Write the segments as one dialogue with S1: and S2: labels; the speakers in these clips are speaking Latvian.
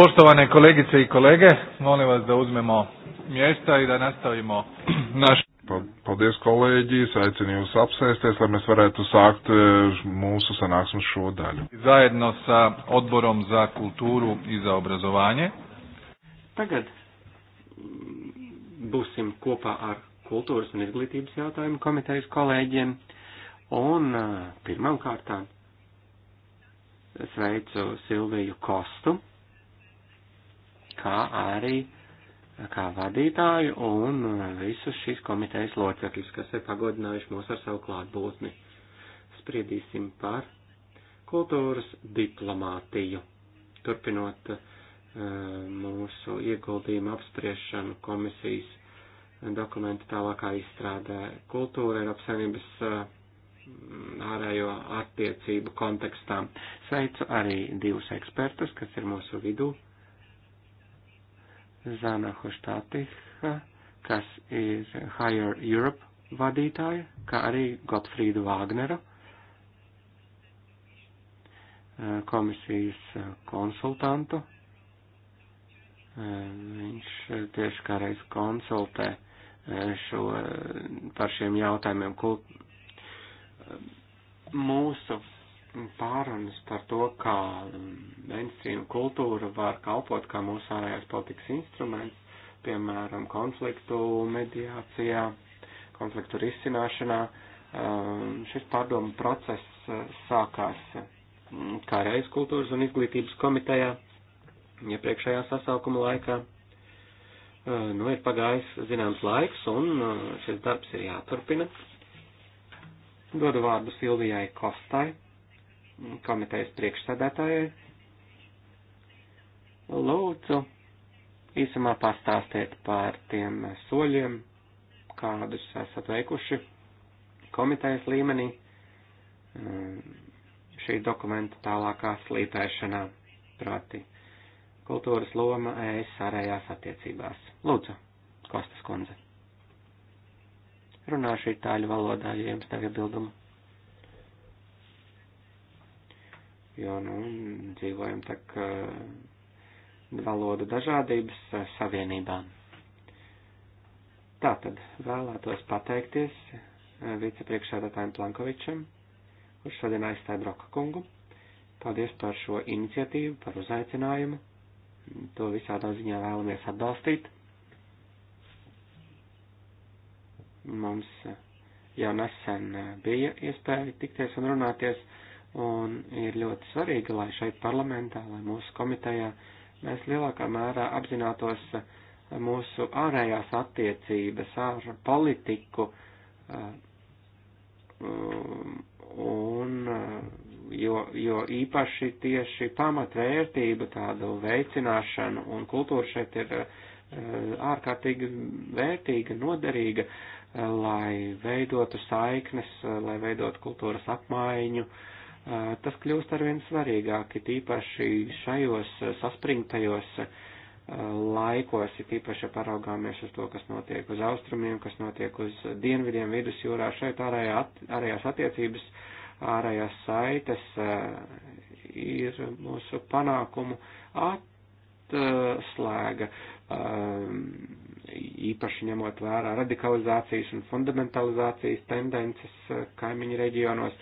S1: Poštovane kolegice i kolege, molim vas da uzmemo mjesta i da nastavimo naš. Paldies, kolēģi! Aicinu jūs apsēsties, lai mēs varētu sākt e, mūsu sanāksmes šo daļu. Zajedno sa odborom za kultūru i za obrazovanje.
S2: Tagad mm, būsim kopā ar kultūras un izglītības jautājumu komitejas kolēģiem. Un e, pirmām kārtām sveicu Silviju Kostu, kā arī kā vadītāju un visus šīs komitejas locekļus, kas ir pagodinājuši mūs ar savu klātbūtni. Spriedīsim par kultūras diplomātiju. Turpinot uh, mūsu ieguldījumu apspriešanu komisijas dokumentu tālākā izstrādē kultūra Eiropas Savienības uh, ārējo attiecību kontekstā. Sveicu arī divus ekspertus, kas ir mūsu vidū. Uh, Zanahustātiha, kas ir Higher Europe vadītāja, kā arī Gotfrīdu Vāgneru, eh, komisijas eh, konsultantu. Eh, viņš tieši kā reiz konsultē šo, par šiem jautājumiem, ko mūsu pārunas par to, kā medicīna kultūra var kalpot kā mūsu ārējās politikas instruments, piemēram, konfliktu mediācijā, konfliktu risināšanā. Um, šis pārdomu process uh, sākās mm, kā reiz kultūras un izglītības komitejā iepriekšējā sasaukuma laikā. Uh, nu, ir pagājis zināms laiks un uh, šis darbs ir jāturpina. Dodu vārdu Silvijai Kostai komitejas priekšsēdētājai. Lūdzu, īsumā pastāstiet par tiem soļiem, kādus esat veikuši komitejas līmenī mm, šī dokumenta tālākā slīpēšanā, proti kultūras loma ES ārējās attiecībās. Lūdzu, Kostas kundze. Runāšu itāļu valodā, ja jums nav iebildumu. jo, nu, dzīvojam tā kā valodu dažādības savienībā. Tātad vēlētos pateikties eh, vicepriekšādātājiem Plankovičam, kurš šodien aizstāja Broka kungu. Paldies par šo iniciatīvu, par uzaicinājumu. To visādā ziņā vēlamies atbalstīt. Mums jau nesen eh, bija iespēja tikties un runāties un ir ļoti svarīgi, lai šeit parlamentā, lai mūsu komitejā mēs lielākā mērā apzinātos mūsu ārējās attiecības ar politiku uh, un uh, jo, jo īpaši tieši pamatvērtību tādu veicināšanu un kultūra šeit ir uh, ārkārtīgi vērtīga, noderīga, lai veidotu saiknes, lai veidotu kultūras apmaiņu, uh, tas kļūst arvien svarīgāk, it īpaši šajos saspringtajos laikos, it īpaši paraugāmies uz to, kas notiek uz austrumiem, kas notiek uz dienvidiem vidusjūrā, šeit ārējā, ārējās attiecības, ārējās saites ir mūsu panākumu atslēga, īpaši ņemot vērā radikalizācijas un fundamentalizācijas tendences kaimiņu reģionos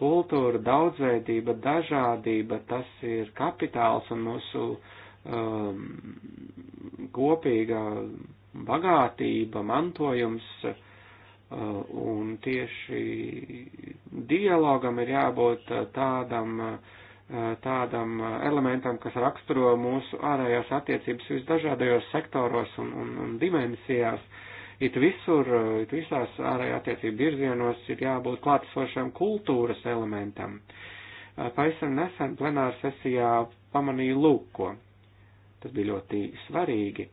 S2: Kultūra, daudzveidība, dažādība, tas ir kapitāls un mūsu um, kopīga bagātība, mantojums, uh, un tieši dialogam ir jābūt uh, tādam uh, tādam elementam, kas raksturo mūsu ārējās attiecības visdažādajos sektoros un, un, un dimensijās it visur, uh, it visās ārējā attiecību virzienos ir jābūt klātesošam kultūras elementam. Uh, pavisam nesen plenāra sesijā pamanīju lūko. Tas bija ļoti svarīgi.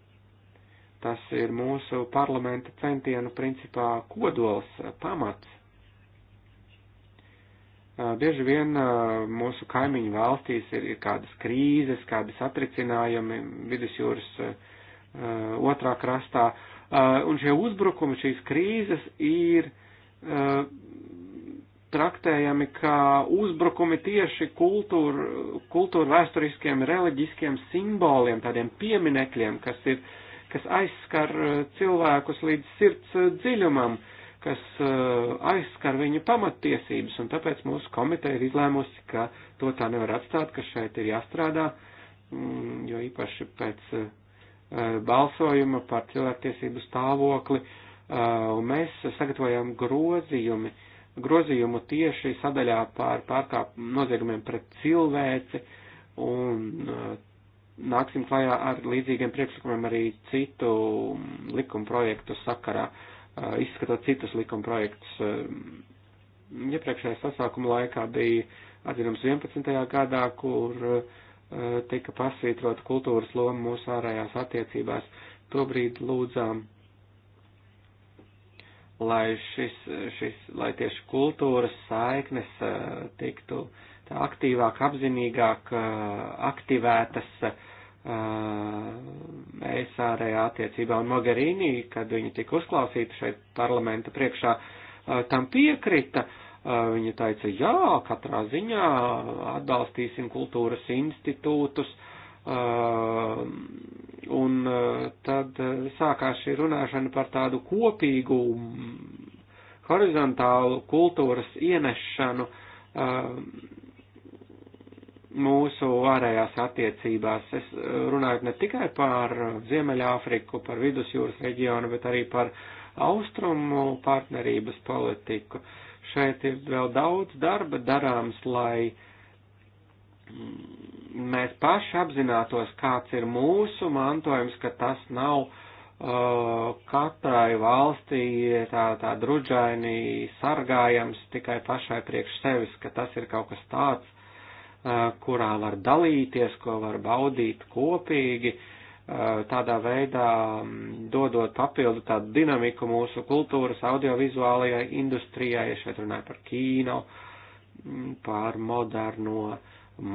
S2: Tas ir mūsu parlamenta centienu principā kodols, uh, pamats. Bieži vien mūsu kaimiņu valstīs ir, ir kādas krīzes, kādi satricinājumi vidusjūras otrā krastā, Uh, un šie uzbrukumi, šīs krīzes ir uh, traktējami kā uzbrukumi tieši kultūra, kultūra vēsturiskiem, reliģiskiem simboliem, tādiem pieminekļiem, kas, ir, kas aizskar uh, cilvēkus līdz sirds dziļumam, kas aizskar viņu pamattiesības, un tāpēc mūsu komiteja ir izlēmusi, ka to tā nevar atstāt, ka šeit ir jāstrādā, mm, jo īpaši pēc Uh, balsojuma par cilvēktiesību stāvokli, uh, un mēs sagatavojam grozījumi, grozījumu tieši sadaļā par pārkāpumu noziegumiem pret cilvēci, un uh, nāksim klajā ar līdzīgiem priekšlikumiem arī citu likuma projektu sakarā, izskatot citus likuma projektus. Um, iepriekšējā sasākuma laikā bija atzinums 11. gadā, kur uh, Eh, tika pasvītrota kultūras loma mūsu ārējās attiecībās. Tobrīd lūdzām, lai, šis, šis, lai tieši kultūras saiknes eh, tiktu tā aktīvāk, apzinīgāk eh, aktivētas mēs ārējā attiecībā. Un Mogherini, kad viņa tika uzklausīta šeit parlamenta priekšā, tam piekrita. Uh, Viņa teica, jā, katrā ziņā atbalstīsim kultūras institūtus, un tad sākās šī runāšana par tādu kopīgu, horizontālu kultūras ienešanu mūsu ārējās attiecībās. Es runāju ne tikai par Ziemeļāfriku, par Vidusjūras reģionu, bet arī par Austrumu partnerības politiku. Uh, šeit ir vēl daudz darba darāms, lai mm, mēs paši apzinātos, kāds ir mūsu mantojums, ka tas nav uh, katrai valstī tā, tā druģaini sargājams tikai pašai priekš sevis, ka tas ir kaut kas tāds, uh, kurā var dalīties, ko var baudīt kopīgi. Uh, Eh, tādā veidā mm, dodot papildu tādu dinamiku mūsu kultūras, audiovizuālajai industrijai, es šeit runāju par kīno, mm, par moderno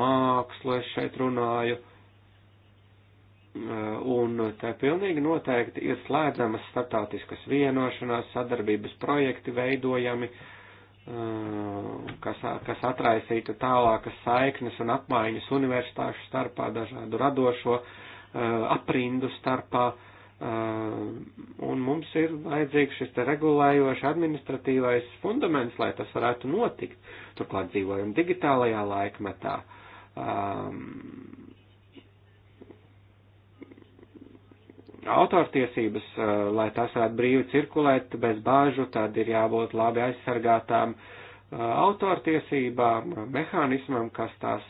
S2: mākslu, es šeit runāju, eh, un te pilnīgi noteikti ir slēdzamas startautiskas vienošanās, sadarbības projekti veidojami, eh, kas, kas atraisītu tālākas saiknes un apmaiņas universitāšu starpā dažādu radošo, uh, Eh, aprindu starpā, eh, un mums ir vajadzīgs šis te regulējošs administratīvais fundaments, lai tas varētu notikt. Turklāt dzīvojam digitālajā laikmetā. Eh, autortiesības, lai tās varētu brīvi cirkulēt bez bāžu, tad ir jābūt labi aizsargātām autortiesībām, mehānismam, kas tās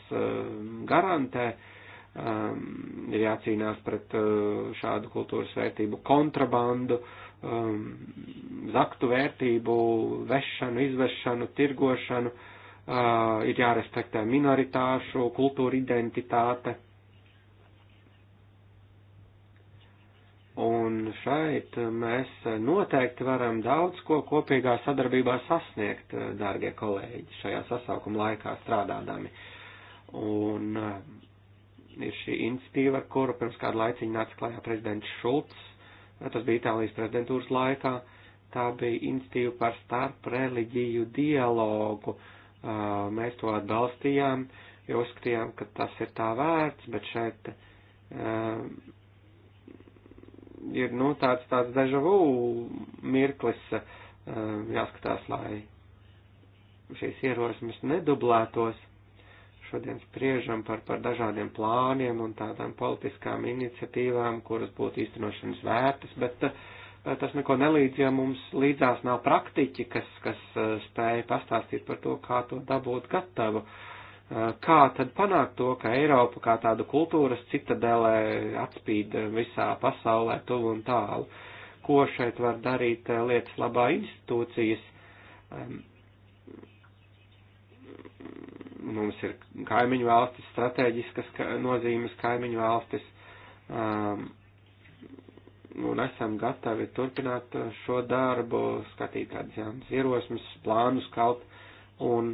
S2: garantē. Uh, um, ir jācīnās pret uh, šādu kultūras vērtību kontrabandu, um, zaktu vērtību, vešanu, izvešanu, tirgošanu, uh, ir jārespektē minoritāšu, kultūra identitāte. Un šeit mēs noteikti varam daudz ko kopīgā sadarbībā sasniegt, dārgie kolēģi, šajā sasaukuma laikā strādādami. Un uh, ir šī iniciatīva, ar kuru pirms kādu laiciņu nāca klajā prezidents Šulcs. Tas bija Itālijas prezidentūras laikā. Tā bija iniciatīva par starp reliģiju dialogu. Mēs to atbalstījām, jo uzskatījām, ka tas ir tā vērts, bet šeit ir nu, tāds, tāds deja vu mirklis, jāskatās, lai šīs ierosmes nedublētos šodien spriežam par, par dažādiem plāniem un tādām politiskām iniciatīvām, kuras būtu īstenošanas vērtas, bet eh, tas neko nelīdz, ja mums līdzās nav praktiķi, kas, kas eh, spēja pastāstīt par to, kā to dabūt gatavu. Eh, kā tad panākt to, ka Eiropa kā tādu kultūras citadelē atspīd visā pasaulē tuvu un tālu? Ko šeit var darīt lietas labā institūcijas? Mums ir kaimiņu valstis, strateģiskas ka, nozīmes kaimiņu valstis, um, un esam gatavi turpināt šo darbu, skatīt kādas jaunas ierosmes, plānus kaut, un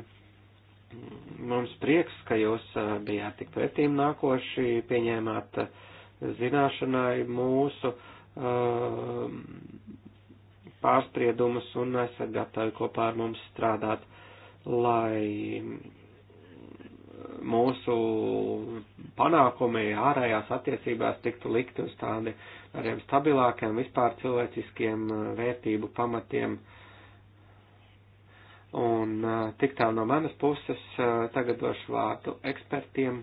S2: mums prieks, ka jūs uh, bijāt tik pretīm nākoši, pieņēmāt uh, zināšanai mūsu uh, pārspriedumus un esat gatavi kopā ar mums strādāt, lai mūsu panākumi ārējās attiecībās tiktu likti uz tādi ariem stabilākiem, vispār cilvēciskiem eh, vērtību pamatiem. Un eh, tik tā no manas puses eh, tagad došu vārdu ekspertiem.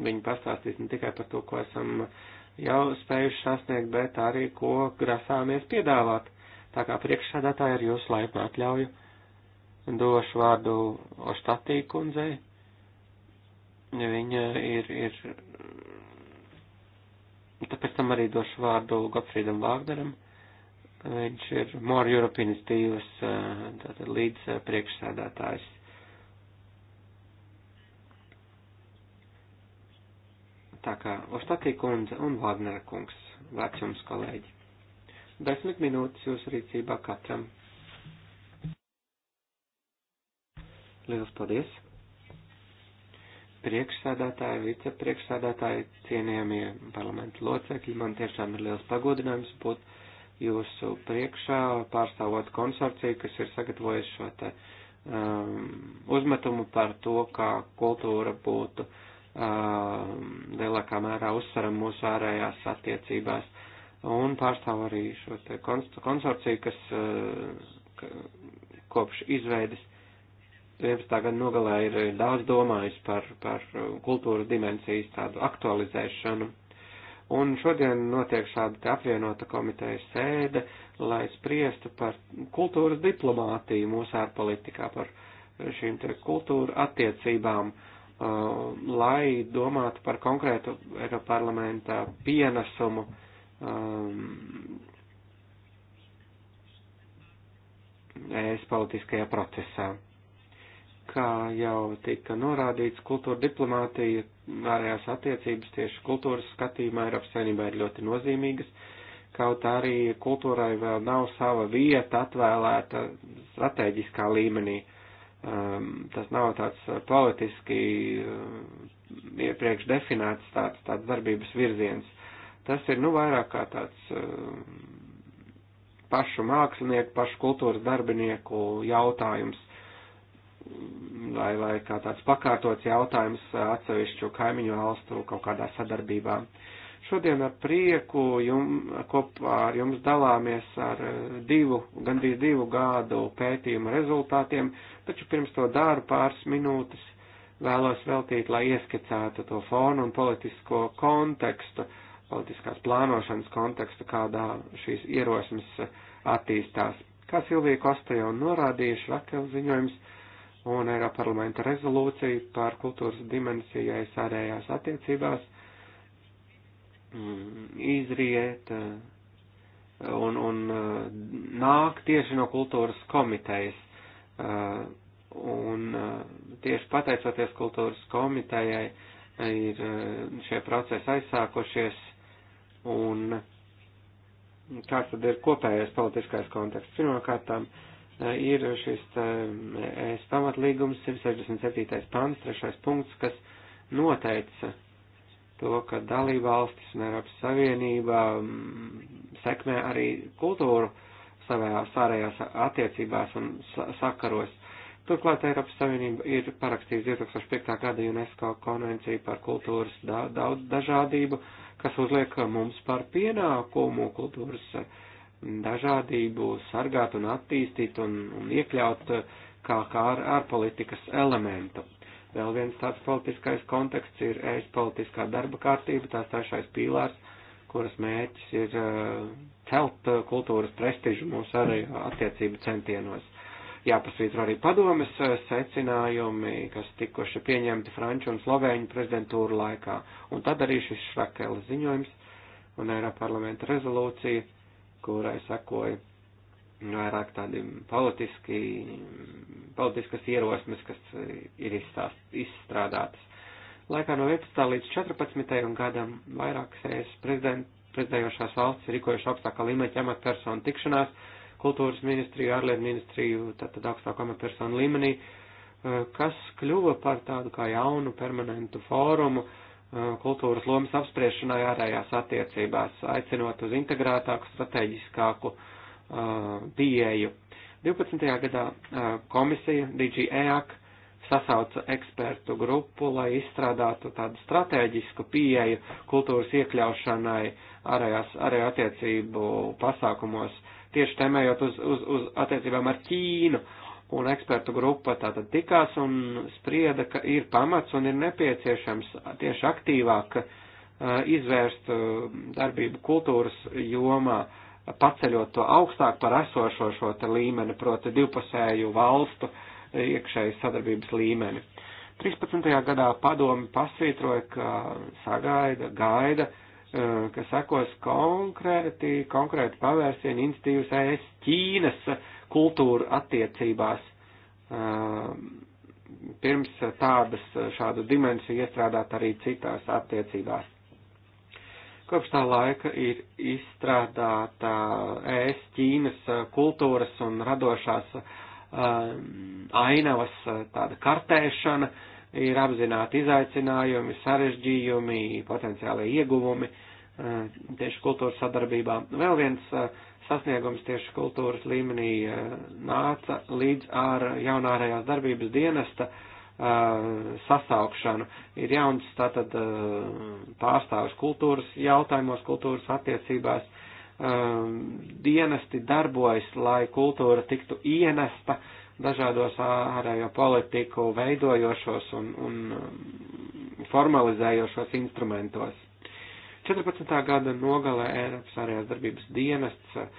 S2: Viņi pastāstīs ne tikai par to, ko esam jau spējuši sasniegt, bet arī, ko grasāmies piedāvāt. Tā kā priekšsādātāji ar jūsu laipnu atļauju došu vārdu Oštatī kundzei. Viņa ir, ir, tāpēc tam arī došu vārdu Gotfriedam Vāgneram. Viņš ir More Europe iniciatīvas tātad līdz eh, priekšsēdētājs. Tā kā Oštatī kundze un Vāgnera kungs, vērts jums kolēģi. Desmit minūtes jūsu rīcībā katram Liels paldies! Priekšsēdētāji, vicepriekšsēdētāji, cienījamie parlamentu locekļi, man tiešām ir liels pagodinājums būt jūsu priekšā, pārstāvot konsorciju, kas ir sagatavojis šo te um, uzmetumu par to, kā kultūra būtu um, lielākā mērā uzsveram mūsu ārējās attiecībās. Un pārstāv arī šo te konsorciju, kas uh, kopš izveides 11. gada nogalē ir daudz domājis par, par kultūras dimensijas tādu aktualizēšanu. Un šodien notiek šāda apvienota komitejas sēde, lai spriestu par kultūras diplomātiju mūsu ārpolitikā, par šīm te kultūra attiecībām, uh, lai domātu par konkrētu Eiropa parlamenta pienesumu es um, politiskajā procesā kā jau tika norādīts, kultūra diplomātija, ārējās attiecības tieši kultūras skatījumā Eiropas Savienībā ir ļoti nozīmīgas, kaut arī kultūrai vēl nav sava vieta atvēlēta strateģiskā līmenī. Um, tas nav tāds politiski um, iepriekš definēts tāds, tāds darbības virziens. Tas ir, nu, vairāk kā tāds um, pašu mākslinieku, pašu kultūras darbinieku jautājums vai, vai kā tāds pakārtots jautājums atsevišķu kaimiņu valstu kaut kādā sadarbībā. Šodien ar prieku jum, kopā ar jums dalāmies ar divu, gandrīz divu gādu pētījumu rezultātiem, taču pirms to dāru pāris minūtes vēlos veltīt, lai ieskicētu to fonu un politisko kontekstu, politiskās plānošanas kontekstu, kādā šīs ierosmes attīstās. Kā Silvija Kosta jau norādījuši, Rakel ziņojums un Eiropa parlamenta rezolūcija par kultūras dimensiju aizsārējās attiecībās mm, izriet eh, un, un eh, nāk tieši no kultūras komitejas. Eh, un tieši pateicoties kultūras komitejai ir šie procesi aizsākušies un kāds tad ir kopējais politiskais konteksts. Pirmkārtām, uh, ir šis ES eh, e pamatlīgums 167. pants, trešais punkts, kas noteica to, ka dalībvalstis un Eiropas Savienība mm, sekmē arī kultūru savējās ārējās attiecībās un sakaros. Turklāt Eiropas Savienība ir parakstījusi 2005. gada UNESCO konvenciju par kultūras daudz dažādību, kas uzliek mums par pienākumu kultūras uh, dažādību sargāt un attīstīt un, un iekļaut eh, kā, kā ar, ar politikas elementu. Vēl viens tāds politiskais konteksts ir ēst politiskā darba kārtība, tās trešais pīlārs, kuras mērķis ir eh, celt eh, kultūras prestižu mūsu arī attiecību centienos. Jāpasvītro arī padomes secinājumi, kas tikuši pieņemti Franču un Slovēņu prezidentūru laikā. Un tad arī šis Šrakela ziņojums un Eiroparlamenta rezolūcija kurai sakoja vairāk tādi politiski, politiskas ierosmes, kas ir izstāst, izstrādātas. Laikā no 11. līdz 14. gadam vairākas ES prezidējošās valsts ir rīkojuši augstākā līmeņa amatpersonu tikšanās, kultūras ministriju, ārlietu ministriju, tātad augstākā amatpersonu līmenī, eh, kas kļuva par tādu kā jaunu permanentu fórumu, uh, Uh, kultūras lomas apspriešanai ārējās attiecībās, aicinot uz integrētāku, strateģiskāku uh, pieeju. 12. gadā uh, komisija DG EAC sasauca ekspertu grupu, lai izstrādātu tādu strateģisku pieeju kultūras iekļaušanai ārējās, ārējā attiecību pasākumos, tieši temējot uz, uz, uz attiecībām ar Ķīnu un ekspertu grupa tātad tikās un sprieda, ka ir pamats un ir nepieciešams tieši aktīvāk uh, izvērst uh, darbību kultūras jomā, paceļot to augstāk par esošo šo te līmeni, proti divpusēju valstu uh, iekšēju sadarbības līmeni. 13. gadā padomi pasvītroja, ka sagaida, gaida, ka sekos konkrēti, konkrēti pavērsieni institīvas ES Ķīnas kultūru attiecībās. Um, pirms tādas šādu dimensiju iestrādāt arī citās attiecībās. Kopš tā laika ir izstrādāta ēst Ķīnas kultūras un radošās um, ainavas tāda kartēšana, ir apzināti izaicinājumi, sarežģījumi, potenciālai ieguvumi uh, tieši kultūras sadarbībā. Vēl viens uh, sasniegums tieši kultūras līmenī eh, nāca līdz ar jaunārējās darbības dienesta eh, sasaukšanu. Ir jauns tātad eh, pārstāvis kultūras jautājumos, kultūras attiecībās. Dienesti darbojas, lai kultūra tiktu ienesta dažādos ārējo politiku veidojošos un, un formalizējošos instrumentos 14. gada nogalē Eiropas ārējās darbības dienests eh,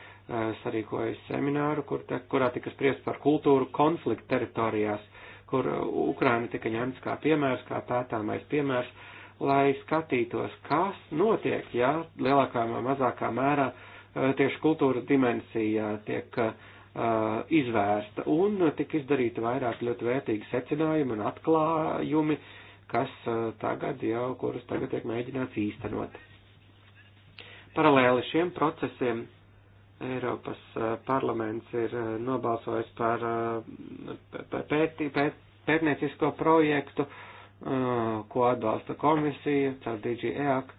S2: sarīkoja semināru, kur, te, kurā tika spriest par kultūru konfliktu teritorijās, kur eh, Ukraina tika ņemts kā piemērs, kā pētāmais piemērs, lai skatītos, kas notiek, ja lielākā vai mazākā mērā eh, tieši kultūra dimensija tiek uh, izvērsta. Un tika izdarīta vairāk ļoti vērtīgi secinājumi un atklājumi, kas uh, tagad jau, kurus tagad tiek mēģināts īstenot. Paralēli šiem procesiem Eiropas eh, parlaments ir eh, nobalsojis par eh, pēti, pēt, pētniecisko projektu, ko atbalsta komisija, caur DG EAC,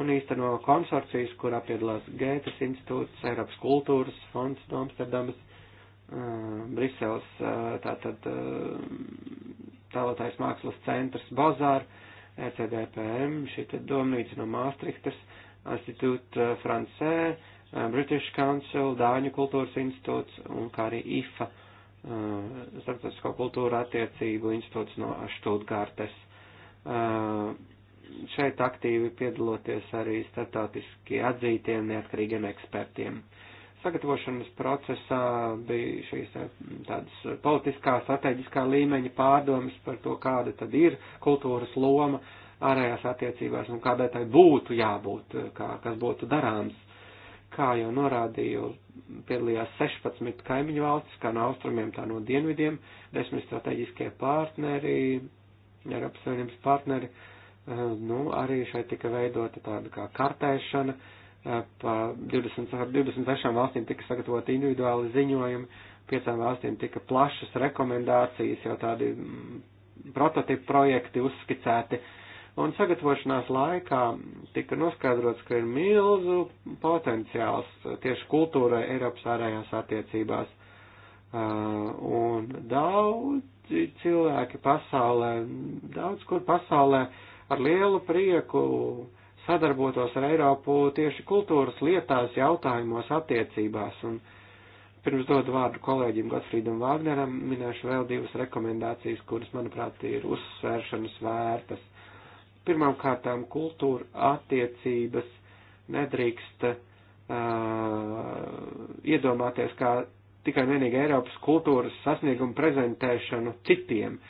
S2: un īsteno konsorcijas, kurā piedalās Gētas institūts, Eiropas kultūras fonds no Amsterdamas, Briseles tātad tālātais mākslas centrs Bazār, ECDPM, šī te domnīca no Māstrihtas, institūts Francē, um, British Council, Dāņu kultūras institūts un kā arī IFA, um, starptautisko kultūra attiecību institūts no Štūtgārtes. Um, šeit aktīvi piedaloties arī starptautiski atzītiem neatkarīgiem ekspertiem sagatavošanas procesā bija šīs eh, tādas politiskā, strateģiskā līmeņa pārdomas par to, kāda tad ir kultūras loma ārējās attiecībās un kādai tai būtu jābūt, kā, kas būtu darāms. Kā jau norādīju, piedalījās 16 kaimiņu valstis, kā no austrumiem, tā no dienvidiem, 10 strateģiskie partneri, Eiropas Savienības partneri, eh, nu, arī šeit tika veidota tāda kā kartēšana, eh, pa 20, 26 valstīm tika sagatavoti individuāli ziņojumi, piecām valstīm tika plašas rekomendācijas, jau tādi mm, prototipu projekti uzskicēti, uh, un sagatavošanās laikā tika noskaidrots, ka ir milzu potenciāls tieši kultūrai Eiropas ārējās attiecībās. Uh, un daudzi cilvēki pasaulē, daudz kur pasaulē ar lielu prieku sadarbotos ar Eiropu tieši kultūras lietās, jautājumos, attiecībās. Un pirms dodu vārdu kolēģim Gotfrīdam Vāgneram, minēšu vēl divas rekomendācijas, kuras, manuprāt, ir uzsvēršanas vērtas Pirmām kārtām kultūra attiecības nedrīkst uh, iedomāties kā tikai vienīgi Eiropas kultūras sasniegumu prezentēšanu citiem.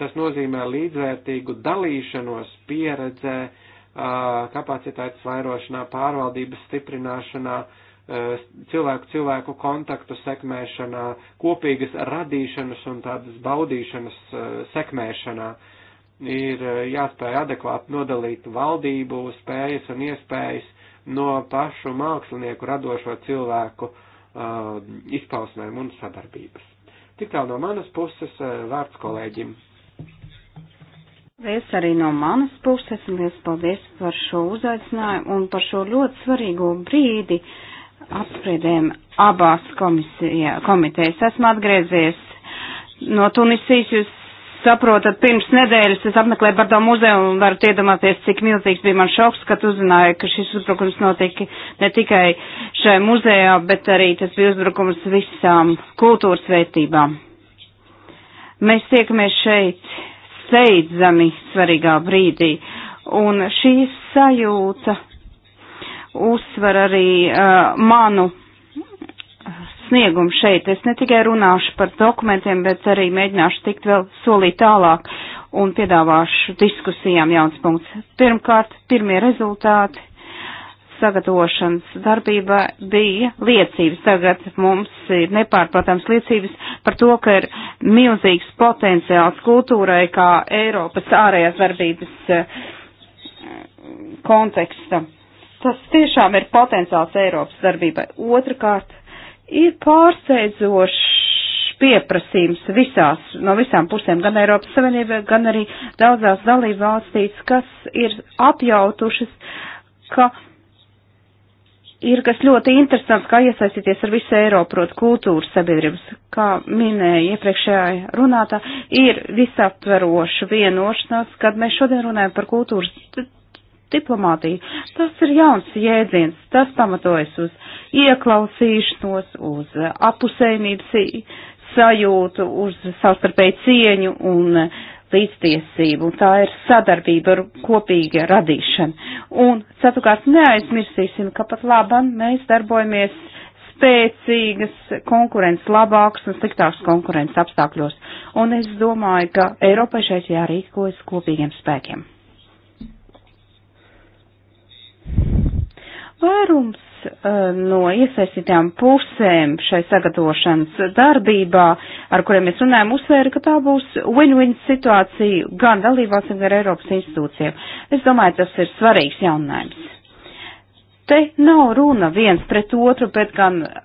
S2: Tas nozīmē līdzvērtīgu dalīšanos pieredzē, uh, kapacitātes vairošanā, pārvaldības stiprināšanā, uh, cilvēku cilvēku kontaktu sekmēšanā, kopīgas radīšanas un tādas baudīšanas uh, sekmēšanā. Uh, ir eh, jāspēj adekvāti nodalīt valdību spējas un iespējas no pašu mākslinieku radošo cilvēku uh, izpausmēm un sadarbības. Tik tālu no manas puses uh, vārds kolēģim.
S3: Es arī no manas puses liels paldies par šo uzaicinājumu un par šo ļoti svarīgo brīdi apspriedēm abās komisijā, komitejas. Esmu atgriezies no Tunisijas, jūs saprotat, pirms nedēļas es apmeklēju Bardo muzeju un varat iedomāties, cik milzīgs bija man šoks, kad uzzināju, ka šis uzbrukums notika ne tikai šajā muzejā, bet arī tas bija uzbrukums visām kultūras vērtībām. Mēs tiekamies šeit steidzami svarīgā brīdī, un šī sajūta uzsver arī uh, manu sniegumu šeit. Es ne tikai runāšu par dokumentiem, bet arī mēģināšu tikt vēl solīt tālāk un piedāvāšu diskusijām jauns punkts. Pirmkārt, pirmie rezultāti sagatavošanas darbībā bija liecības. Tagad mums ir nepārprotams liecības par to, ka ir milzīgs potenciāls kultūrai kā Eiropas ārējās darbības eh, konteksta. Tas tiešām ir potenciāls Eiropas darbībai. Otrakārt, Ir pārsteidzošs pieprasījums visās, no visām pusēm, gan Eiropas Savienībā, gan arī daudzās dalību valstīs, kas ir apjautušas, ka ir kas ļoti interesants, kā iesaistīties ar visu Eiropu, proti, kultūras sabiedrības, kā minēja iepriekšējā runātā, ir visaptveroša vienošanās, kad mēs šodien runājam par kultūras diplomātija. Tas ir jauns jēdziens, tas pamatojas uz ieklausīšanos, uz apusējumības sajūtu, uz savstarpēju cieņu un līdztiesību. Tā ir sadarbība ar kopīga radīšana. Un ceturkārt neaizmirsīsim, ka pat labam mēs darbojamies spēcīgas konkurences, labākas un sliktākas konkurences apstākļos. Un es domāju, ka Eiropai šeit jārīkojas kopīgiem spēkiem. Vairums uh, eh, no iesaistītām pusēm šai sagatavošanas darbībā, ar kuriem mēs runājam, uzsvēra, ka tā būs win-win situācija gan dalībvalstīm, gan Eiropas institūcijiem. Es domāju, tas ir svarīgs jauninājums. Te nav runa viens pret otru, bet gan uh,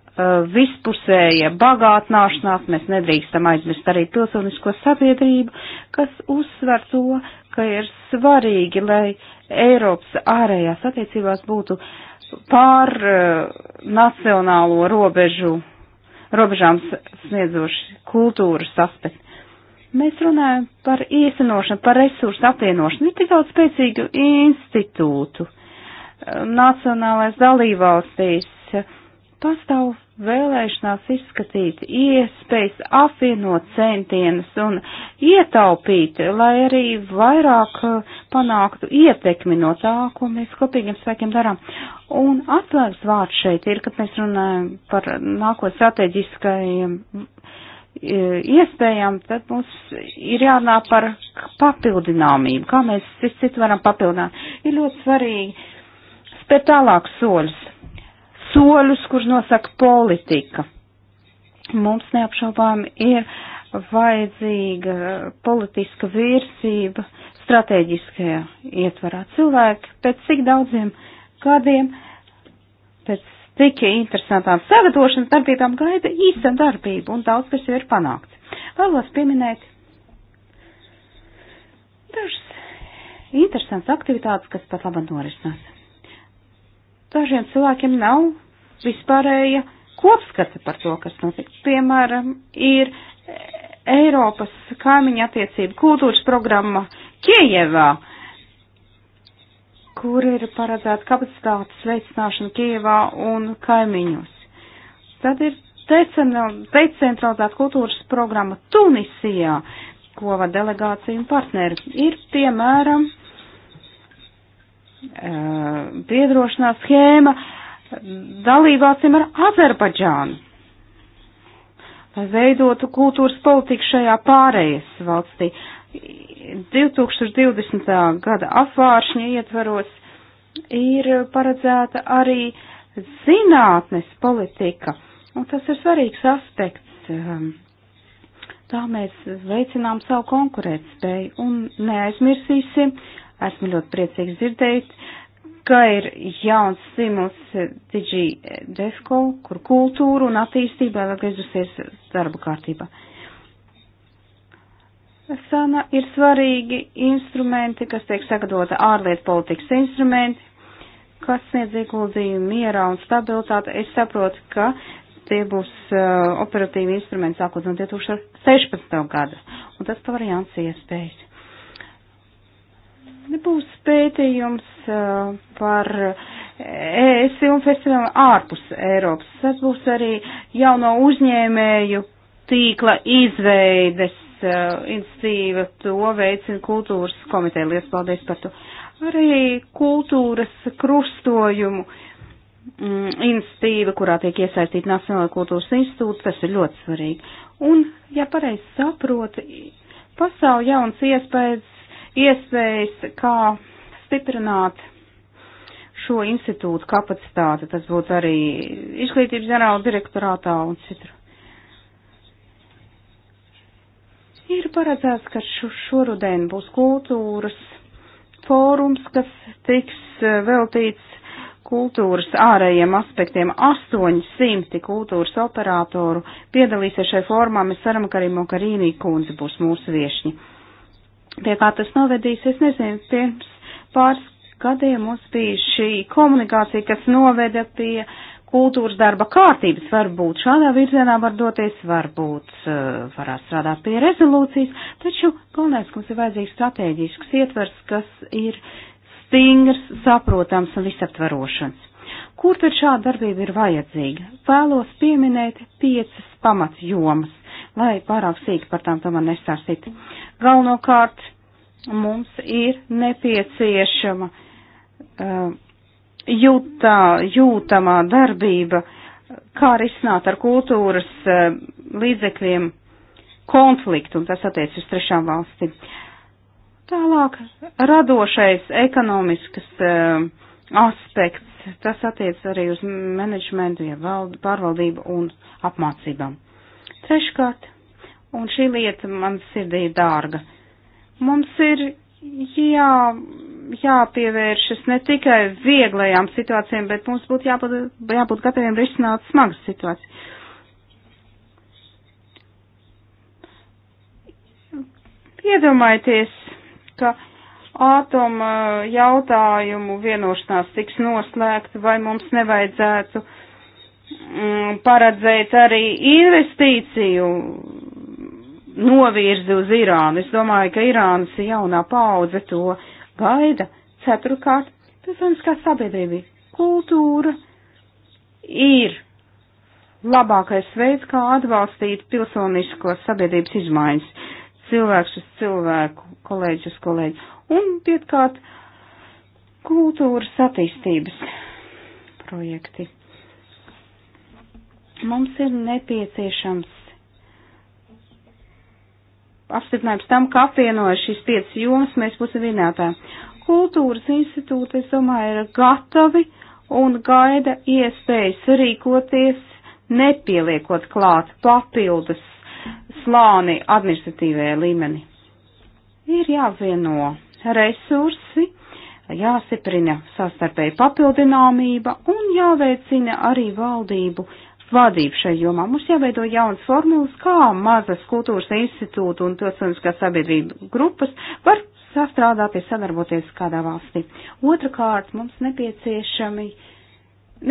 S3: vispusēja bagātināšanās, mēs nedrīkstam aizmirst arī pilsonisko sabiedrību, kas uzsver to, ka ir svarīgi, lai Eiropas ārējās attiecībās būtu pār uh, nacionālo robežu, robežām sniedzoši kultūras aspekti. Mēs runājam par īstenošanu, par resursu apvienošanu. Ir tik daudz spēcīgu institūtu. Eh, nacionālais dalībvalstīs pastāv vēlēšanās izskatīt iespējas apvienot centienus un ietaupīt, lai arī vairāk uh, panāktu ietekmi no tā, ko mēs kopīgiem spēkiem darām. Un atslēgas vārds šeit ir, kad mēs runājam par nākotnes strateģiskajiem uh, iespējām, tad mums ir jārunā par papildināmību, kā mēs visu citu varam papildināt. Ir ļoti svarīgi spērt tālāk soļus soļus, kurus nosaka politika. Mums neapšaubām ir vajadzīga politiska virsība stratēģiskajā ietvarā. Cilvēki pēc cik daudziem gadiem, pēc tik interesantām sagatavošanas darbībām gaida īsta darbība un daudz, kas jau ir panākts. Vēlos pieminēt dažas interesantas aktivitātes, kas pat labāk norisinās. Dažiem cilvēkiem nav vispārēja kopskata par to, kas notiek. Piemēram, ir Eiropas kaimiņa attiecība kultūras programma Kiejevā, kur ir paredzēta kapacitātes veicināšana Kiejevā un kaimiņos. Tad ir decentralizēta kultūras programma Tunisijā, ko vada delegācija un partneri. Ir, piemēram, eh, biedrošanās schēma dalībvalstīm ar Azerbaidžānu, lai veidotu kultūras politiku šajā pārējas valstī. 2020. gada apvāršņa ietvaros ir paredzēta arī zinātnes politika, un tas ir svarīgs aspekts. Um, tā mēs veicinām savu konkurētspēju un neaizmirsīsim, esmu ļoti priecīgs dzirdēt, uh, ka ir jauns stimuls Digi Defko, kur kultūra un attīstība ir atgriezusies darba kārtībā. Sana ir svarīgi instrumenti, kas tiek sagatavota ārlietu politikas instrumenti, kas sniedz ieguldījumu mierā un stabilitāte. Es saprotu, ka tie būs uh, operatīvi instrumenti sākot no 2016. gada, un tas pavar jauns iespējas. Būs pētījums par ES filmu festivālu ārpus Eiropas. Tas būs arī jauno uzņēmēju tīkla izveides institīva. To veicina kultūras komiteja. Lielas paldies par to. Arī kultūras krustojumu mm, institīva, kurā tiek iesaistīta Nacionāla kultūras institūta, tas ir ļoti svarīgi. Un, ja pareizi saprotu, pasauli jauns iespējas iespējas, kā stiprināt šo institūtu kapacitāti. Tas būtu arī izglītības ģenerāla direktorātā un citur. Ir paredzēts, ka šoruden būs kultūras fórums, kas tiks e, veltīts kultūras ārējiem aspektiem. 800 kultūras operatoru piedalīsies šai formā. Mēs ceram, ka arī Mokarīnī kundze būs mūsu viešņi. Pie kā tas novedīs, es nezinu, pirms pāris gadiem mums bija šī komunikācija, kas noveda pie kultūras darba kārtības. Varbūt šādā virzienā var doties, varbūt uh, eh, varētu strādāt pie rezolūcijas, taču galvenais, ka mums ir vajadzīgs strateģisks ietvers, kas ir stingrs, saprotams un visaptvarošans. Kur tad šāda darbība ir vajadzīga? Vēlos pieminēt piecas pamatjomas lai pārāk sīki par tām tomēr nesāstītu. Galvenokārt mums ir nepieciešama uh, jūtā, jūtamā darbība, kā risināt ar kultūras uh, līdzekļiem konfliktu, un tas attiec uz trešām valstīm. Tālāk, radošais ekonomiskas uh, aspekts, tas attiec arī uz menedžmentu, ja valdu, pārvaldību un apmācībām. Treškārt, un šī lieta man sirdī dārga, mums ir jā, jāpievēršas ne tikai vieglajām situācijām, bet mums būtu jābūt, jābūt gataviem risināt smagas situācijas. Iedomājieties, ka ātoma jautājumu vienošanās tiks noslēgta, vai mums nevajadzētu uh, Mm, paredzēts arī investīciju novirzi uz Irānu. Es domāju, ka Irānas jaunā paudze to gaida. Ceturkārt, pilsoniskā sabiedrība, kultūra ir labākais veids, kā atbalstīt pilsonisko sabiedrības izmaiņas. Cilvēks uz cilvēku, kolēģis uz kolēģi. Un pietkārt, kultūras attīstības projekti. Mums ir nepieciešams apstiprinājums tam, ka apvienoja šīs piecas jomas, mēs būsim vienātāji. Kultūras institūti, es domāju, ir gatavi un gaida iespējas rīkoties, nepieliekot klāt papildus slāni administratīvajā līmenī. Ir jāvieno resursi, jāsiprina sastarpēji papildināmība un jāveicina arī valdību vadību šai jomā. Mums jāveido jauns formulas, kā mazas kultūras institūta un pilsoniskā sabiedrība grupas var sastrādāties, sadarboties kādā valstī. Otrakārt, mums nepieciešami,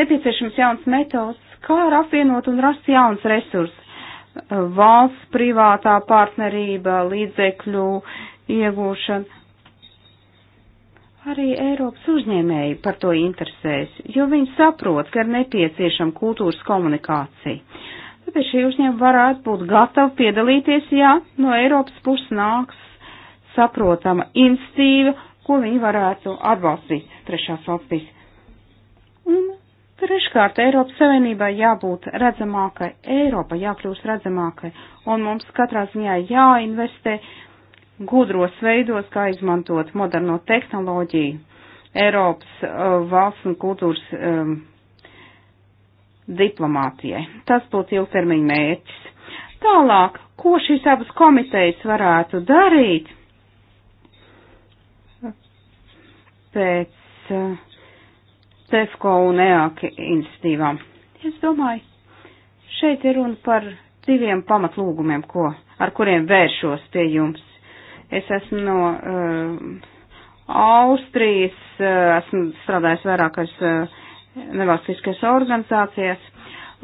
S3: nepieciešams jauns metods, kā apvienot un rast jauns resurs. Valsts privātā partnerība, līdzekļu iegūšana Arī Eiropas uzņēmēji par to interesēs, jo viņi saprot, ka ir nepieciešama kultūras komunikācija. Tāpēc šī uzņēma varētu būt gatava piedalīties, ja no Eiropas puses nāks saprotama institīva, ko viņi varētu atbalstīt trešās valstīs. Un treškārt Eiropas Savienībai jābūt redzamākai, Eiropa jākļūst redzamākai, un mums katrā ziņā jāinvestē gudros veidos, kā izmantot moderno tehnoloģiju Eiropas uh, valsts un kultūras um, diplomātijai. Tas būtu ilgtermiņa mērķis. Tālāk, ko šīs abas komitejas varētu darīt pēc uh, CEFCO un EAK institīvām? Es domāju, šeit ir runa par diviem pamatlūgumiem, ko, ar kuriem vēršos pie jums Es esmu no uh, Austrijas, uh, esmu strādājis vairākas uh, eh, nevalstiskas organizācijas.